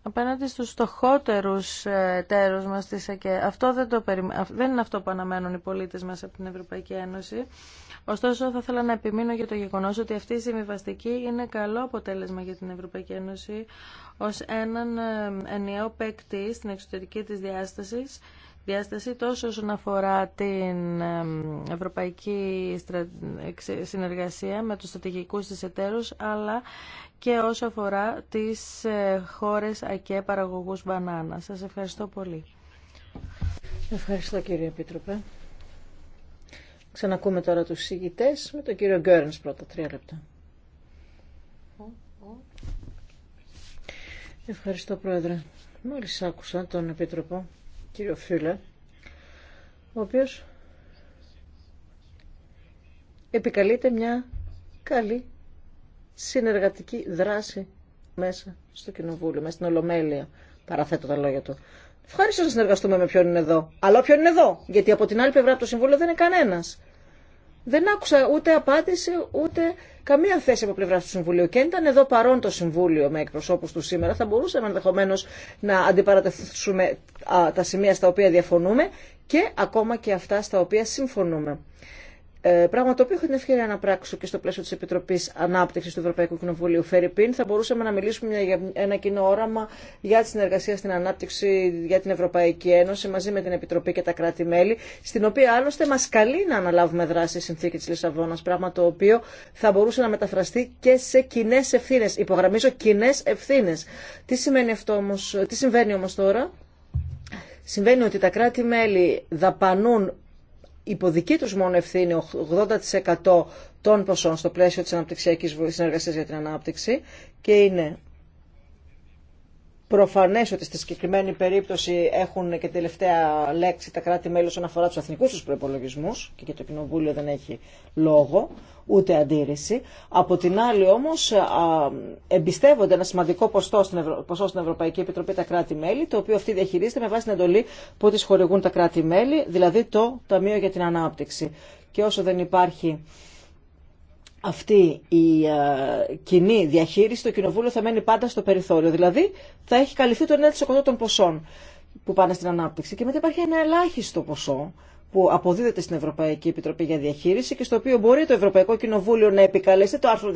απέναντι στους στοχότερους ε, τέρους μας της Αυτό δεν, το δεν είναι αυτό που αναμένουν οι πολίτες μας από την Ευρωπαϊκή Ένωση. Ωστόσο, θα ήθελα να επιμείνω για το γεγονός ότι αυτή η συμβιβαστική είναι καλό αποτέλεσμα για την Ευρωπαϊκή Ένωση ως έναν ε, ενιαίο παίκτη στην εξωτερική της διάστασης διάσταση τόσο όσον αφορά την ευρωπαϊκή συνεργασία με τους στρατηγικούς της εταίρους αλλά και όσο αφορά τις ε, χώρες ΑΚΕ παραγωγούς μπανάνα. Σας ευχαριστώ πολύ. Ευχαριστώ κύριε Επίτροπε. Ξανακούμε τώρα τους συγητές με τον κύριο Γκέρνς πρώτα, τρία λεπτά. Ευχαριστώ Πρόεδρε. Μόλις άκουσα τον Επίτροπο κύριο Φίλε, ο οποίος επικαλείται μια καλή συνεργατική δράση μέσα στο Κοινοβούλιο, μέσα στην Ολομέλεια, παραθέτω τα λόγια του. Ευχαριστώ να συνεργαστούμε με ποιον είναι εδώ. Αλλά ποιον είναι εδώ. Γιατί από την άλλη πλευρά του το Συμβούλιο δεν είναι κανένας. Δεν άκουσα ούτε απάντηση, ούτε καμία θέση από πλευρά του Συμβουλίου. Και αν ήταν εδώ παρόν το Συμβούλιο με εκπροσώπου του σήμερα, θα μπορούσαμε ενδεχομένω να αντιπαρατεθούμε τα σημεία στα οποία διαφωνούμε και ακόμα και αυτά στα οποία συμφωνούμε. Ε, πράγμα το οποίο έχω την ευκαιρία να πράξω και στο πλαίσιο τη Επιτροπή Ανάπτυξη του Ευρωπαϊκού Κοινοβουλίου Φερρυπίν, θα μπορούσαμε να μιλήσουμε για ένα κοινό όραμα για τη συνεργασία στην ανάπτυξη για την Ευρωπαϊκή Ένωση μαζί με την Επιτροπή και τα κράτη-μέλη, στην οποία άλλωστε μα καλεί να αναλάβουμε δράση η συνθήκη τη Λισαβόνα, πράγμα το οποίο θα μπορούσε να μεταφραστεί και σε κοινέ ευθύνε. Υπογραμμίζω κοινέ ευθύνε. Τι, σημαίνει αυτό τι συμβαίνει όμω τώρα. Συμβαίνει ότι τα κράτη-μέλη δαπανούν υπό δική τους μόνο ευθύνη 80% των ποσών στο πλαίσιο της αναπτυξιακής συνεργασίας για την ανάπτυξη και είναι Προφανέ ότι στη συγκεκριμένη περίπτωση έχουν και τελευταία λέξη τα κράτη-μέλη όσον αφορά του εθνικού του προπολογισμού και, και το Κοινοβούλιο δεν έχει λόγο, ούτε αντίρρηση. Από την άλλη όμως εμπιστεύονται ένα σημαντικό ποσό στην, στην Ευρωπαϊκή Επιτροπή τα κράτη-μέλη, το οποίο αυτή διαχειρίζεται με βάση την εντολή που τη χορηγούν τα κράτη-μέλη, δηλαδή το Ταμείο για την Ανάπτυξη. Και όσο δεν υπάρχει αυτή η ε, κοινή διαχείριση, το κοινοβούλιο θα μένει πάντα στο περιθώριο. Δηλαδή θα έχει καλυφθεί το 9% των ποσών που πάνε στην ανάπτυξη. Και μετά υπάρχει ένα ελάχιστο ποσό που αποδίδεται στην Ευρωπαϊκή Επιτροπή για Διαχείριση και στο οποίο μπορεί το Ευρωπαϊκό Κοινοβούλιο να επικαλέσει το άρθρο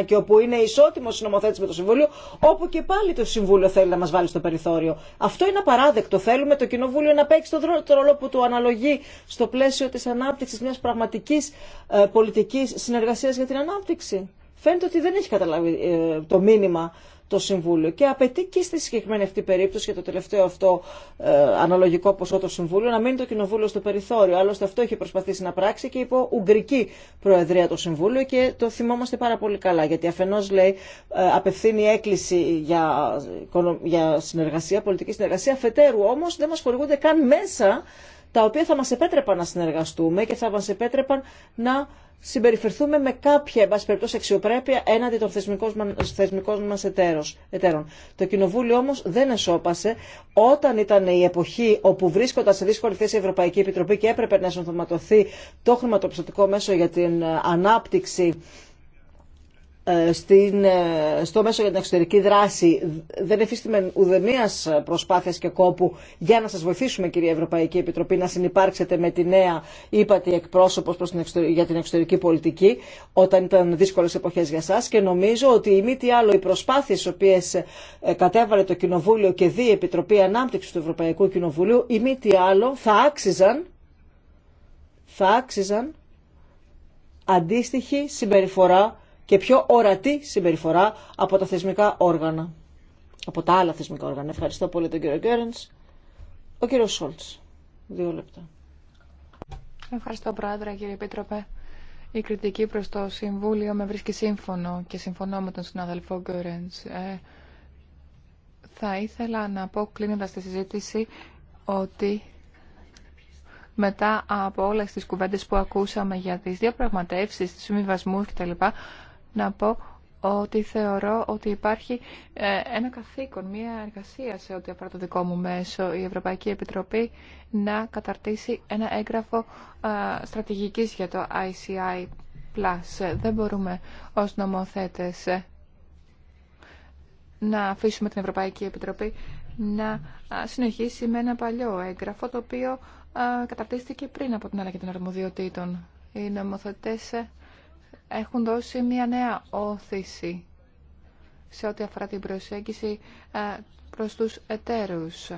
291 και όπου είναι ισότιμο συνομοθέτη με το Συμβούλιο, όπου και πάλι το Συμβούλιο θέλει να μα βάλει στο περιθώριο. Αυτό είναι απαράδεκτο. Θέλουμε το Κοινοβούλιο να παίξει τον ρόλο που του αναλογεί στο πλαίσιο τη ανάπτυξη μια πραγματική ε, πολιτική συνεργασία για την ανάπτυξη. Φαίνεται ότι δεν έχει καταλάβει ε, το μήνυμα το Συμβούλιο και απαιτεί και στη συγκεκριμένη αυτή περίπτωση και το τελευταίο αυτό ε, αναλογικό ποσό το Συμβούλιο να μείνει το Κοινοβούλιο στο περιθώριο. Άλλωστε αυτό έχει προσπαθήσει να πράξει και υπό Ουγγρική Προεδρία το Συμβούλιο και το θυμόμαστε πάρα πολύ καλά γιατί αφενός λέει ε, απευθύνει έκκληση για, για συνεργασία, πολιτική συνεργασία, αφετέρου όμως δεν μας χορηγούνται καν μέσα τα οποία θα μας επέτρεπαν να συνεργαστούμε και θα μας επέτρεπαν να συμπεριφερθούμε με κάποια εν περιπτώσει αξιοπρέπεια έναντι των θεσμικών μα εταίρων. Το Κοινοβούλιο όμω δεν εσώπασε όταν ήταν η εποχή όπου βρίσκονταν σε δύσκολη θέση η Ευρωπαϊκή Επιτροπή και έπρεπε να ενσωματωθεί το χρηματοπιστωτικό μέσο για την ε, ανάπτυξη ε, στην, ε, στο μέσο για την εξωτερική δράση δεν εφίστημε ουδενίας προσπάθειας και κόπου για να σας βοηθήσουμε κυρία Ευρωπαϊκή Επιτροπή να συνεπάρξετε με τη νέα ύπατη εκπρόσωπος προς την για την εξωτερική πολιτική όταν ήταν δύσκολες εποχές για σας και νομίζω ότι η μη τι άλλο οι προσπάθειες οι οποίες ε, κατέβαλε το Κοινοβούλιο και δι' η Επιτροπή Ανάπτυξης του Ευρωπαϊκού Κοινοβουλίου η μη τι άλλο θα άξιζαν θα άξιζαν αντίστοιχη συμπεριφορά και πιο ορατή συμπεριφορά από τα θεσμικά όργανα. Από τα άλλα θεσμικά όργανα. Ευχαριστώ πολύ τον κύριο Γκέρενς. Ο κύριος Σόλτς. Δύο λεπτά. Ευχαριστώ Πρόεδρε κύριε Επίτροπε. Η κριτική προς το Συμβούλιο με βρίσκει σύμφωνο και συμφωνώ με τον συναδελφό Γκέρενς. Ε, θα ήθελα να πω κλείνοντας τη συζήτηση ότι μετά από όλες τις κουβέντες που ακούσαμε για τις διαπραγματεύσεις, του συμβιβασμού κτλ να πω ότι θεωρώ ότι υπάρχει ε, ένα καθήκον, μια εργασία σε ό,τι αφορά το δικό μου μέσο, η Ευρωπαϊκή Επιτροπή να καταρτήσει ένα έγγραφο ε, στρατηγικής για το ICI+. Δεν μπορούμε ως νομοθέτες ε, να αφήσουμε την Ευρωπαϊκή Επιτροπή να συνεχίσει με ένα παλιό έγγραφο το οποίο καταρτίστηκε πριν από την αλλαγή των αρμοδιοτήτων. Οι νομοθετές έχουν δώσει μια νέα όθηση σε ό,τι αφορά την προσέγγιση ε, προς τους εταίρους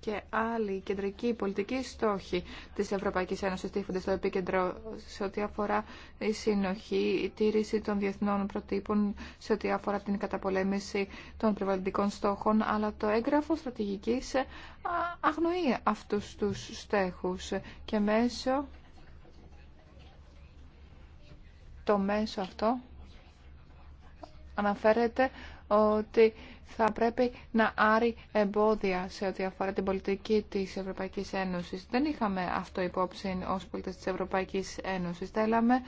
και άλλοι κεντρικοί πολιτικοί στόχοι της Ευρωπαϊκής Ένωσης στήφονται στο επίκεντρο σε ό,τι αφορά η συνοχή, η τήρηση των διεθνών προτύπων, σε ό,τι αφορά την καταπολέμηση των περιβαλλοντικών στόχων, αλλά το έγγραφο στρατηγικής ε, αγνοεί αυτούς τους στέχους και μέσω το μέσο αυτό αναφέρεται ότι θα πρέπει να άρει εμπόδια σε ό,τι αφορά την πολιτική της Ευρωπαϊκής Ένωσης. Δεν είχαμε αυτό υπόψη ως πολίτες της Ευρωπαϊκής Ένωσης. Θέλαμε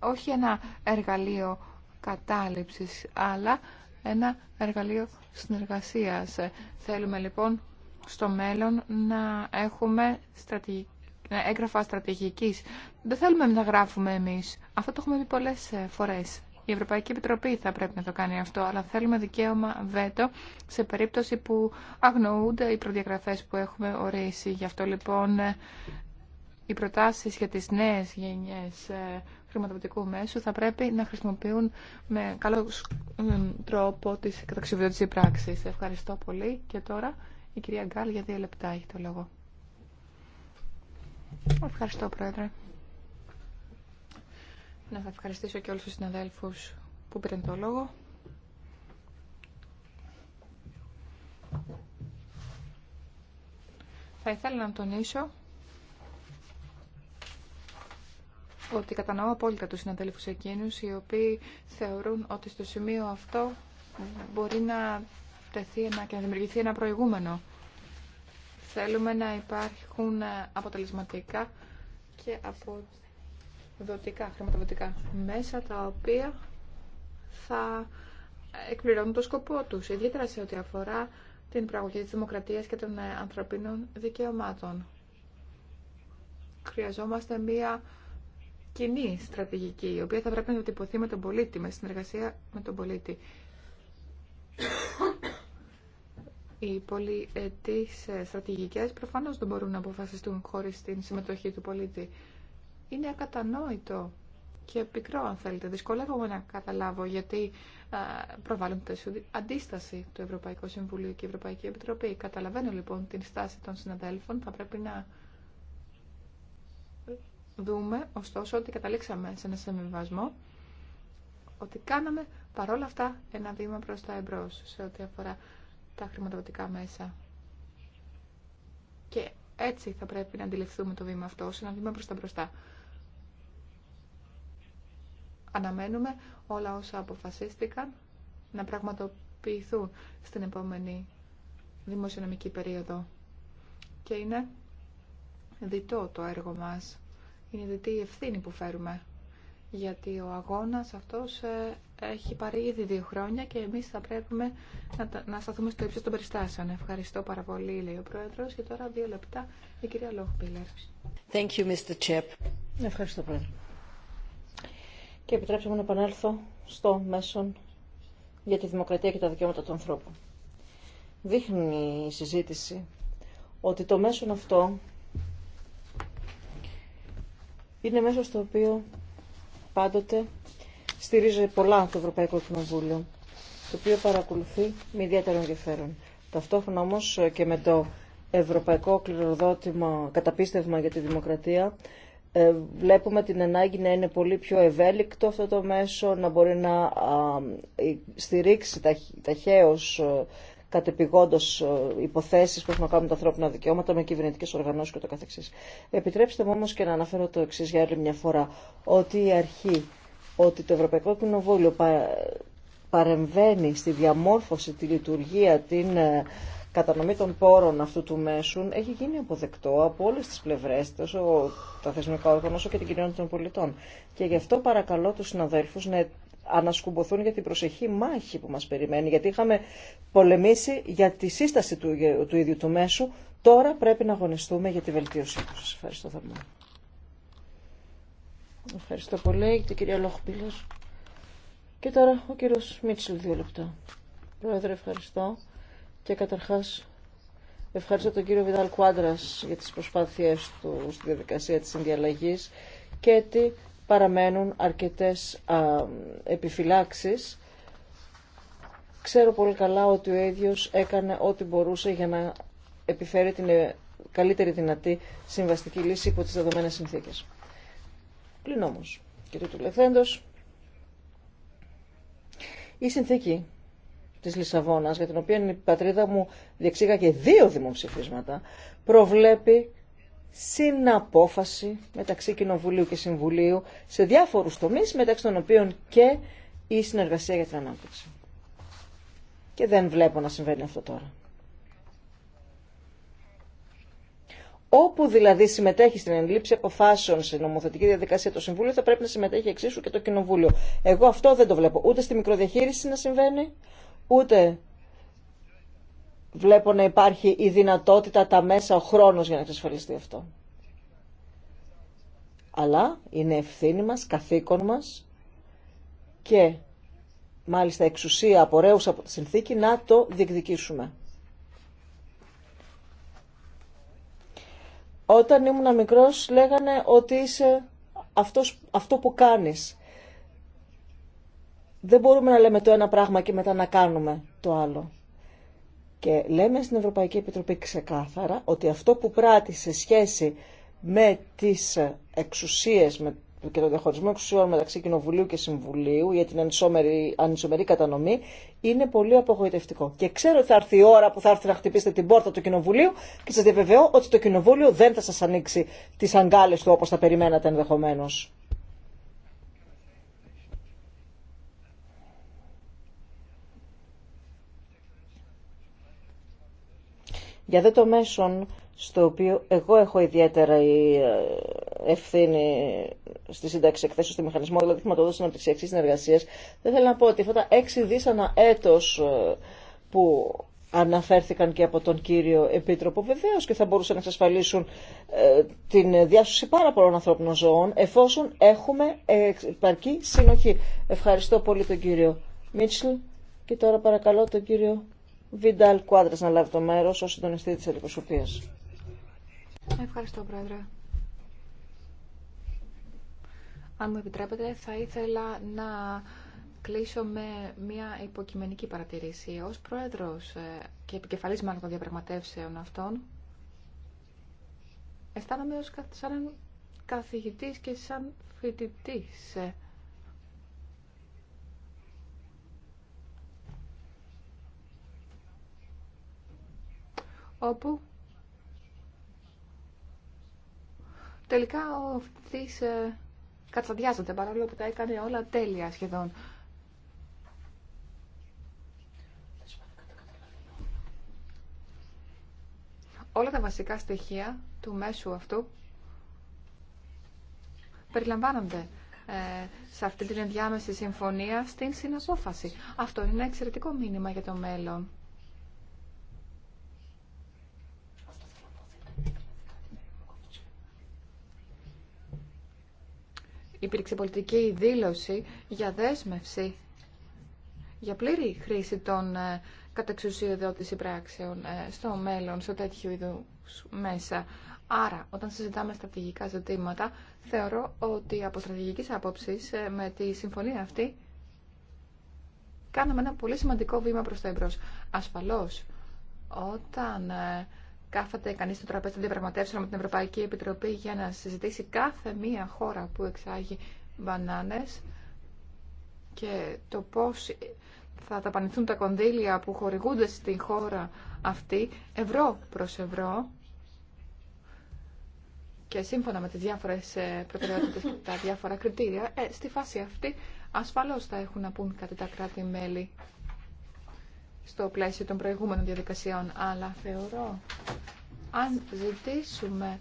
όχι ένα εργαλείο κατάληψης, αλλά ένα εργαλείο συνεργασίας. Θέλουμε λοιπόν στο μέλλον να έχουμε στρατηγική έγγραφα στρατηγικής. Δεν θέλουμε να γράφουμε εμείς. Αυτό το έχουμε πει πολλέ ε, φορές. Η Ευρωπαϊκή Επιτροπή θα πρέπει να το κάνει αυτό, αλλά θέλουμε δικαίωμα βέτο σε περίπτωση που αγνοούνται οι προδιαγραφέ που έχουμε ορίσει. Γι' αυτό λοιπόν ε, οι προτάσει για τις νέες γενιές ε, χρηματοδοτικού μέσου θα πρέπει να χρησιμοποιούν με καλό τρόπο τις καταξιοβιώτες πράξεις. Ευχαριστώ πολύ και τώρα η κυρία Γκάλ για δύο λεπτά έχει το λόγο. Ευχαριστώ, Πρόεδρε. Να θα ευχαριστήσω και όλους τους συναδέλφους που πήραν το λόγο. Θα ήθελα να τονίσω ότι κατανοώ απόλυτα τους συναδέλφους εκείνους οι οποίοι θεωρούν ότι στο σημείο αυτό μπορεί να, τεθεί να και να δημιουργηθεί ένα προηγούμενο Θέλουμε να υπάρχουν αποτελεσματικά και αποδοτικά, χρηματοδοτικά μέσα τα οποία θα εκπληρώνουν το σκοπό τους, ιδιαίτερα σε ό,τι αφορά την πραγωγή της δημοκρατίας και των ε, ανθρωπίνων δικαιωμάτων. Χρειαζόμαστε μία κοινή στρατηγική, η οποία θα πρέπει να διατυπωθεί με τον πολίτη, με συνεργασία με τον πολίτη. Οι πολυετής ε, στρατηγικές προφανώς δεν μπορούν να αποφασιστούν χωρίς την συμμετοχή του πολίτη. Είναι ακατανόητο και πικρό αν θέλετε. Δυσκολεύομαι να καταλάβω γιατί ε, προβάλλουν αντίσταση του Ευρωπαϊκού Συμβουλίου και η Ευρωπαϊκή Επιτροπή. Καταλαβαίνω λοιπόν την στάση των συναδέλφων. Θα πρέπει να δούμε ωστόσο ότι καταλήξαμε σε ένα συμβιβασμό ότι κάναμε παρόλα αυτά ένα βήμα προς τα εμπρός σε ό,τι αφορά τα χρηματοδοτικά μέσα. Και έτσι θα πρέπει να αντιληφθούμε το βήμα αυτό, σε ένα βήμα προς τα μπροστά. Αναμένουμε όλα όσα αποφασίστηκαν να πραγματοποιηθούν στην επόμενη δημοσιονομική περίοδο. Και είναι διτό το έργο μας. Είναι διτή η ευθύνη που φέρουμε. Γιατί ο αγώνας αυτός ε, έχει πάρει ήδη δύο χρόνια και εμείς θα πρέπει να, να σταθούμε στο ύψο των περιστάσεων. Ευχαριστώ πάρα πολύ, λέει ο πρόεδρο Και τώρα δύο λεπτά η κυρία Λόχπιλερ. Ευχαριστώ, Πρόεδρε. Και επιτρέψτε μου να επανέλθω στο μέσον για τη δημοκρατία και τα δικαιώματα των ανθρώπων. Δείχνει η συζήτηση ότι το μέσον αυτό είναι μέσο στο οποίο πάντοτε στηρίζει πολλά το Ευρωπαϊκό Κοινοβούλιο, το οποίο παρακολουθεί με ιδιαίτερο ενδιαφέρον. Ταυτόχρονα όμω και με το Ευρωπαϊκό Κληροδότημα Καταπίστευμα για τη Δημοκρατία, ε, βλέπουμε την ανάγκη να είναι πολύ πιο ευέλικτο αυτό το μέσο, να μπορεί να ε, στηρίξει ταχαίως ε, κατεπηγόντω υποθέσει που έχουν να κάνουν τα ανθρώπινα δικαιώματα με κυβερνητικέ οργανώσει κ.ο.κ. Επιτρέψτε μου όμω και να αναφέρω το εξή για άλλη μια φορά, ότι η αρχή ότι το Ευρωπαϊκό Κοινοβούλιο παρεμβαίνει στη διαμόρφωση, τη λειτουργία, την ε, κατανομή των πόρων αυτού του μέσου έχει γίνει αποδεκτό από όλε τι πλευρέ, τόσο τα θεσμικά όργανα όσο και την κοινωνία των πολιτών. Και γι' αυτό παρακαλώ του συναδέλφου να ανασκουμποθούν για την προσεχή μάχη που μα περιμένει. Γιατί είχαμε πολεμήσει για τη σύσταση του, του ίδιου του μέσου. Τώρα πρέπει να αγωνιστούμε για τη βελτίωσή του. Σα ευχαριστώ θερμά. Ευχαριστώ πολύ και την κυρία Λόχπιλος. Και τώρα ο κύριος Μίτσελ δύο λεπτά. Πρόεδρε, ευχαριστώ. Και καταρχάς ευχαριστώ τον κύριο Βιδάλ Κουάντρας για τις προσπάθειές του στη διαδικασία της συνδιαλλαγής και ότι παραμένουν αρκετές α, επιφυλάξεις. Ξέρω πολύ καλά ότι ο ίδιος έκανε ό,τι μπορούσε για να επιφέρει την ε, καλύτερη δυνατή συμβαστική λύση υπό τις δεδομένες συνθήκες. Πλην όμω και του η συνθήκη της Λισαβόνας, για την οποία η πατρίδα μου διεξήγα και δύο δημοψηφίσματα, προβλέπει συναπόφαση μεταξύ Κοινοβουλίου και Συμβουλίου σε διάφορους τομείς, μεταξύ των οποίων και η συνεργασία για την ανάπτυξη. Και δεν βλέπω να συμβαίνει αυτό τώρα. Όπου δηλαδή συμμετέχει στην ενλήψη αποφάσεων σε νομοθετική διαδικασία το Συμβούλιο, θα πρέπει να συμμετέχει εξίσου και το Κοινοβούλιο. Εγώ αυτό δεν το βλέπω. Ούτε στη μικροδιαχείριση να συμβαίνει, ούτε βλέπω να υπάρχει η δυνατότητα, τα μέσα, ο χρόνο για να εξασφαλιστεί αυτό. Αλλά είναι ευθύνη μα, καθήκον μα και μάλιστα εξουσία απορρέουσα από τη συνθήκη να το διεκδικήσουμε. Όταν ήμουν μικρός λέγανε ότι είσαι αυτός, αυτό που κάνεις. Δεν μπορούμε να λέμε το ένα πράγμα και μετά να κάνουμε το άλλο. Και λέμε στην Ευρωπαϊκή Επιτροπή ξεκάθαρα ότι αυτό που πράττει σε σχέση με τις εξουσίες, με και τον διαχωρισμό εξουσιών μεταξύ Κοινοβουλίου και Συμβουλίου για την ανισομερή, ανισομερή κατανομή είναι πολύ απογοητευτικό. Και ξέρω ότι θα έρθει η ώρα που θα έρθει να χτυπήσετε την πόρτα του Κοινοβουλίου και σα διαβεβαιώ ότι το Κοινοβούλιο δεν θα σα ανοίξει τι αγκάλε του όπω θα περιμένατε ενδεχομένω. Για δε το μέσον στο οποίο εγώ έχω ιδιαίτερα η ε, ευθύνη στη σύνταξη εκθέσεων του μηχανισμό, δηλαδή χρηματοδότηση αναπτυξιακή συνεργασία, δεν θέλω να πω ότι αυτά τα 6 δι έτος ε, που αναφέρθηκαν και από τον κύριο Επίτροπο, βεβαίω και θα μπορούσαν να εξασφαλίσουν ε, την διάσωση πάρα πολλών ανθρώπινων ζωών, εφόσον έχουμε επαρκή συνοχή. Ευχαριστώ πολύ τον κύριο Μίτσλ και τώρα παρακαλώ τον κύριο Βιντάλ Κουάντρας να λάβει το μέρος ως συντονιστή της αντιπροσωπείας. Ευχαριστώ, Πρόεδρε. Αν μου επιτρέπετε, θα ήθελα να κλείσω με μια υποκειμενική παρατηρήση. Ως Πρόεδρος ε, και επικεφαλής μάλλον των διαπραγματεύσεων αυτών, αισθάνομαι ως σαν καθηγητής και σαν φοιτητής. Ε. όπου τελικά ο φοιτητής ε, κατσαδιάζεται παρόλο που τα έκανε όλα τέλεια σχεδόν. Όλα τα βασικά στοιχεία του μέσου αυτού περιλαμβάνονται ε, σε αυτή την ενδιάμεση συμφωνία στην συναπόφαση. Αυτό είναι ένα εξαιρετικό μήνυμα για το μέλλον. υπήρξε πολιτική δήλωση για δέσμευση, για πλήρη χρήση των ε, κατεξουσιοδότηση πράξεων ε, στο μέλλον, σε τέτοιου είδου μέσα. Άρα, όταν συζητάμε στρατηγικά ζητήματα, θεωρώ ότι από στρατηγική άποψη ε, με τη συμφωνία αυτή κάναμε ένα πολύ σημαντικό βήμα προς τα εμπρός. Ασφαλώς, όταν κάθεται κανείς στο τραπέζι των διαπραγματεύσεων με την Ευρωπαϊκή Επιτροπή για να συζητήσει κάθε μία χώρα που εξάγει μπανάνες και το πώς θα ταπανηθούν τα κονδύλια που χορηγούνται στη χώρα αυτή ευρώ προς ευρώ και σύμφωνα με τις διάφορες ε, προτεραιότητες και τα διάφορα κριτήρια, ε, στη φάση αυτή ασφαλώς θα έχουν να πούν κάτι τα κράτη-μέλη στο πλαίσιο των προηγούμενων διαδικασιών, αλλά θεωρώ αν ζητήσουμε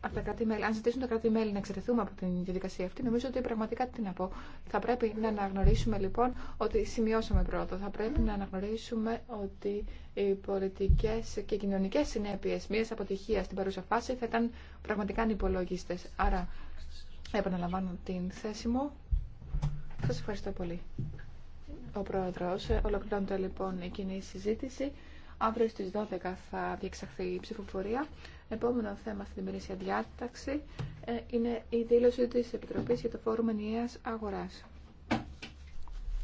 από τα κράτη -μέλη, αν ζητήσουν τα κράτη-μέλη να εξαιρεθούμε από την διαδικασία αυτή, νομίζω ότι πραγματικά τι να πω. Θα πρέπει να αναγνωρίσουμε λοιπόν ότι σημειώσαμε πρώτο. Θα πρέπει να αναγνωρίσουμε ότι οι πολιτικέ και κοινωνικέ συνέπειε μια αποτυχία στην παρούσα φάση θα ήταν πραγματικά ανυπολόγιστε. Άρα, επαναλαμβάνω την θέση μου. Σας ευχαριστώ πολύ. Ο Πρόεδρος, ε, ολοκληρώνεται λοιπόν η κοινή συζήτηση. Αύριο στις 12 θα διεξαχθεί η ψηφοφορία. Επόμενο θέμα στην ημερήσια διάταξη ε, είναι η δήλωση της Επιτροπής για το Φόρουμ Ενιαίας Αγοράς.